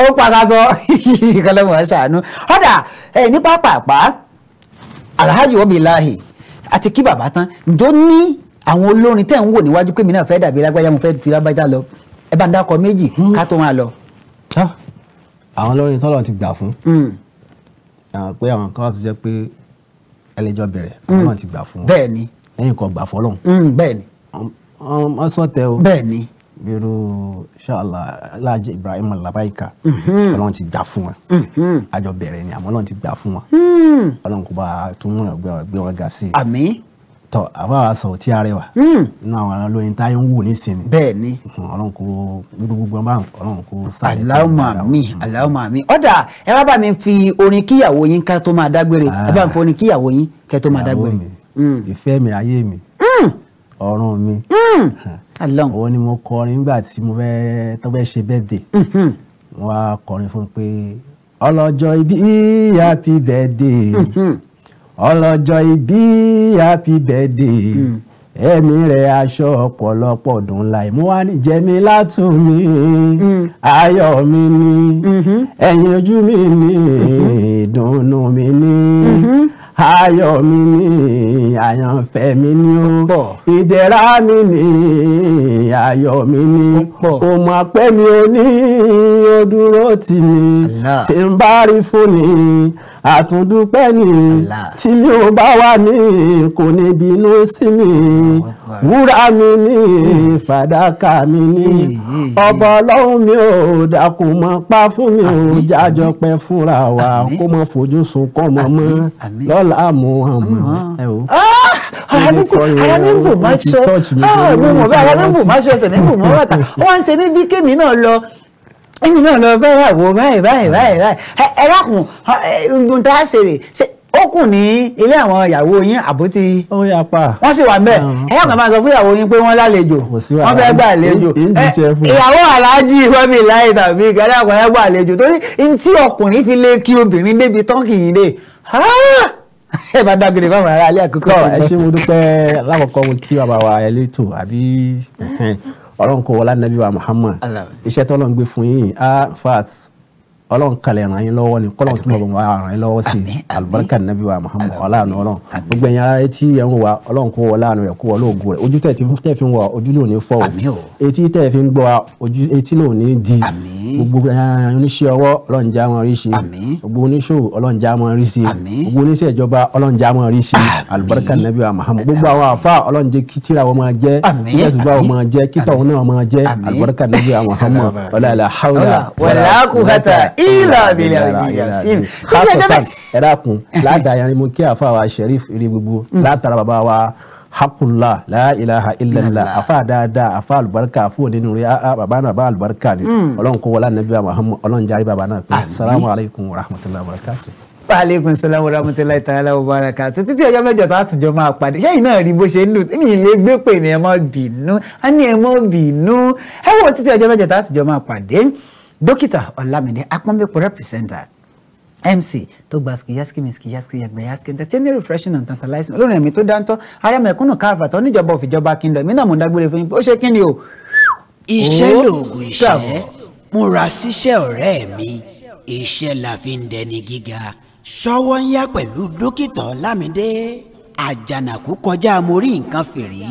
ó pàkàsọ ìkọlẹ́wọ̀n ṣàánú ọ̀dà ẹ̀ ní pápápá alhaji wabilahi àti kí bàbá tán ǹjọ́ ní àwọn olórin tẹ̀ ń wò níwájú pé mi náà fẹ́ dàbí lágbájá mo fẹ́ ju lágbájá lọ ẹ bá ń dákọ méjì hmm. ká tó máa lọ. àwọn olórin tọ́lọ̀ ti gbà fún hmm. pé àwọn kan ti jẹ́ pé ẹlẹ́jọ́ bẹ̀rẹ̀ àwọn hmm. náà ti gbà fún wọn bẹ́ẹ̀ lẹ́yìn kan gbà fọlọ́hún bẹ́ẹ̀ ni wọ́n sọ tẹ o bẹ́ẹ̀ ni bírú ṣáàlà Ibrahim Labaika ọlọ́run ti gbà fún wọn àjọ bẹ̀rẹ̀ ni àmọ́ ọlọ́run ti gbà fún wọn ọlọ́run kò bá tún mú ọgbẹ́ wọn ga sí i. àmín tọ àfàwà sọ tí a rẹwà hmm. nínú àwọn ará lóyún táyé ń wò nísìnyí. bẹ́ẹ̀ni hmm, Ọlọ́run kò gbogbo ọba Ọlọ́run kò sáré. aláwọmọ mi aláwọmọ mi ọ̀dà ẹ bá bá mi fi orin kíyàwó yín ká tó máa dágbére ah. ẹ bá mi fi orin kíyàwó yín ká tó máa dágbére. Hmm. ìfẹ́ mi ayé mi ọ̀run mi òun ni mo kọrin nígbà tí mo fẹ́ tọ́gbẹ́ ṣe bẹ́ẹ̀dẹ̀ wọ́n á kọrin fún un pé ọlọ́jọ́ ibi happy birthday ọlọ́jọ́ ìbí happy birthday hmm. ẹ̀mí rẹ̀ aṣọ ọ̀pọ̀lọpọ̀ ọdún láì mú wá ní jẹ́mi látún mi hmm. ayọ̀ mi ni hmm. ẹ̀yìn ojú mi ni ìdùnnú mi ni ayọ̀ mi ni àyànfẹ́ mi ni ó ìdẹ̀ra mi ni ayọ̀ mi ni ó mọ̀ mi ò ní ó tì mí tí ń bá rí fún ni àtúndúpẹ́ ni tí mi ò bá wà ní kò ní bínú sí mi wúrà mi ní fàdákà mi ní ọba ọlọ́run mi ò dákun mọ́ pa fún mi ò jájọ pẹ́ fúnra wa kó mọ́ fojú sunkún ọmọ mọ́ lọ́la Muhammad. ara ah, ara mi ń ah, ṣe ẹsẹ̀ mi ń bò mọ́ bàtà ń ṣe ní bí kémi náà lọ èmi náà lọ fẹ́ yàwó báyìí báyìí báyìí báyìí ẹ dákun ohun tá a ṣe rè ṣe ó kù ní ilé àwọn ìyàwó yín àbótí wọ́n sì wà mẹ́ẹ̀ ẹ̀yà kan máa sọ fún ìyàwó yín pé wọ́n lálejò wọ́n fẹ́ gbà àlejò ìyàwó aláàjì fẹ́mi láì tàbí ìgbàlẹ́ àpò ẹgbà àlejò torí ntí ọkùnrin fi lé kí obìnrin débi tán kì í dé ẹ bá dágbére fáwọn ará alẹ́ àkókò. ẹ ṣé mo dúpẹ́ lákòókò mo kí bàbá wa ẹ lẹ́tọ̀ àbí ọlọ́run kó wọlá nàbí wa Muhammad iṣẹ́ tọ́lọ́ ń gbé fún yín ah fat ọlọ́run kalẹ̀ ràn yín lọ́wọ́ ni kọ́lọ́run tó bọ̀ wá ràn yín lọ́wọ́ sí alibarika nàbí wa muhammed ọlọ́run ọlọ́run gbogbo ẹ̀yin ara etí ẹ̀ ń wa ọlọ́run kó wọlé àánú rẹ̀ kó wọlé ògo rẹ̀ ojú tẹ̀ fi ń wa ojú ló ní fọ́ o etí tẹ̀ fi ń gbọ́ ojú etí ló ní di gbogbo eh, oníṣẹ́ ọwọ́ ọlọ́run já wọn rí ṣe gbogbo oníṣòwò ọlọ́run já wọn rí ṣe gbogbo oníṣẹ́ ìjọba ọlọ́run já wọn rí ṣe alibarika nàbí wa muhammed gbogbo àwọn àfa ọlọ́run jẹ́ kí tíra wọn máa jẹ́ kí ẹ̀sùn bá wọn máa jẹ́ kí tọ̀hún náà máa jẹ́ alibarika nàbí wa muhammed ọlọ́run hawla wala quwwata ilà abilà yasin. hasatan ẹ dákun ládàáyà ni mo kí àfa wa sheriff rí gbogbo mm. látara bàbá wa hakullah la ilaha illallah afa dáadáa afa alubarika afa onínú rẹ aa baba náà bá alubarika ni mm. ọlọ́run kó wọlé anabi muhammad ọlọ́run jàre baba náà pé salamu alaykum wa rahmatulahi wa barakatuh. Aleykum salaam wa rahmatulahi ta'ala wa barakatuh. Títí ọjọ́ mẹ́jọ tá a tún jọ máa pàdé. Ṣé ìnáà rí bó ṣe ń lù? Mi ì lè gbé pè ní ẹ bínú. A ní bínú. Ẹ wo títí ọjọ́ mẹ́jọ tá jọ máa pàdé dókítà ọlámídé apọ́nbẹ́pọ̀ rẹ́pìsẹ́ńtà mc tó gba skiyaski mi yaski ẹgbẹ́ yaski entertaining refreshing and tantalizing olórin ẹ̀mí tó dáńtọ́ ará mẹ̀kúnnù káfàtà oníjọba òfìjọba kingdom èmi náà mo dágbére fún yín ó ṣe kí ni o. iṣẹ́ lòògùn ìṣẹ́ múra síṣẹ́ ọ̀rẹ́ mi iṣẹ́ la fi ń dẹni gíga ṣọwọ́ ń yá pẹ̀lú dókítà ọlámídé àjànàkú kọjá mo rí nǹkan fìrí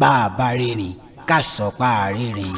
bá a bá rìnrìn ká sọ pa àrírìn.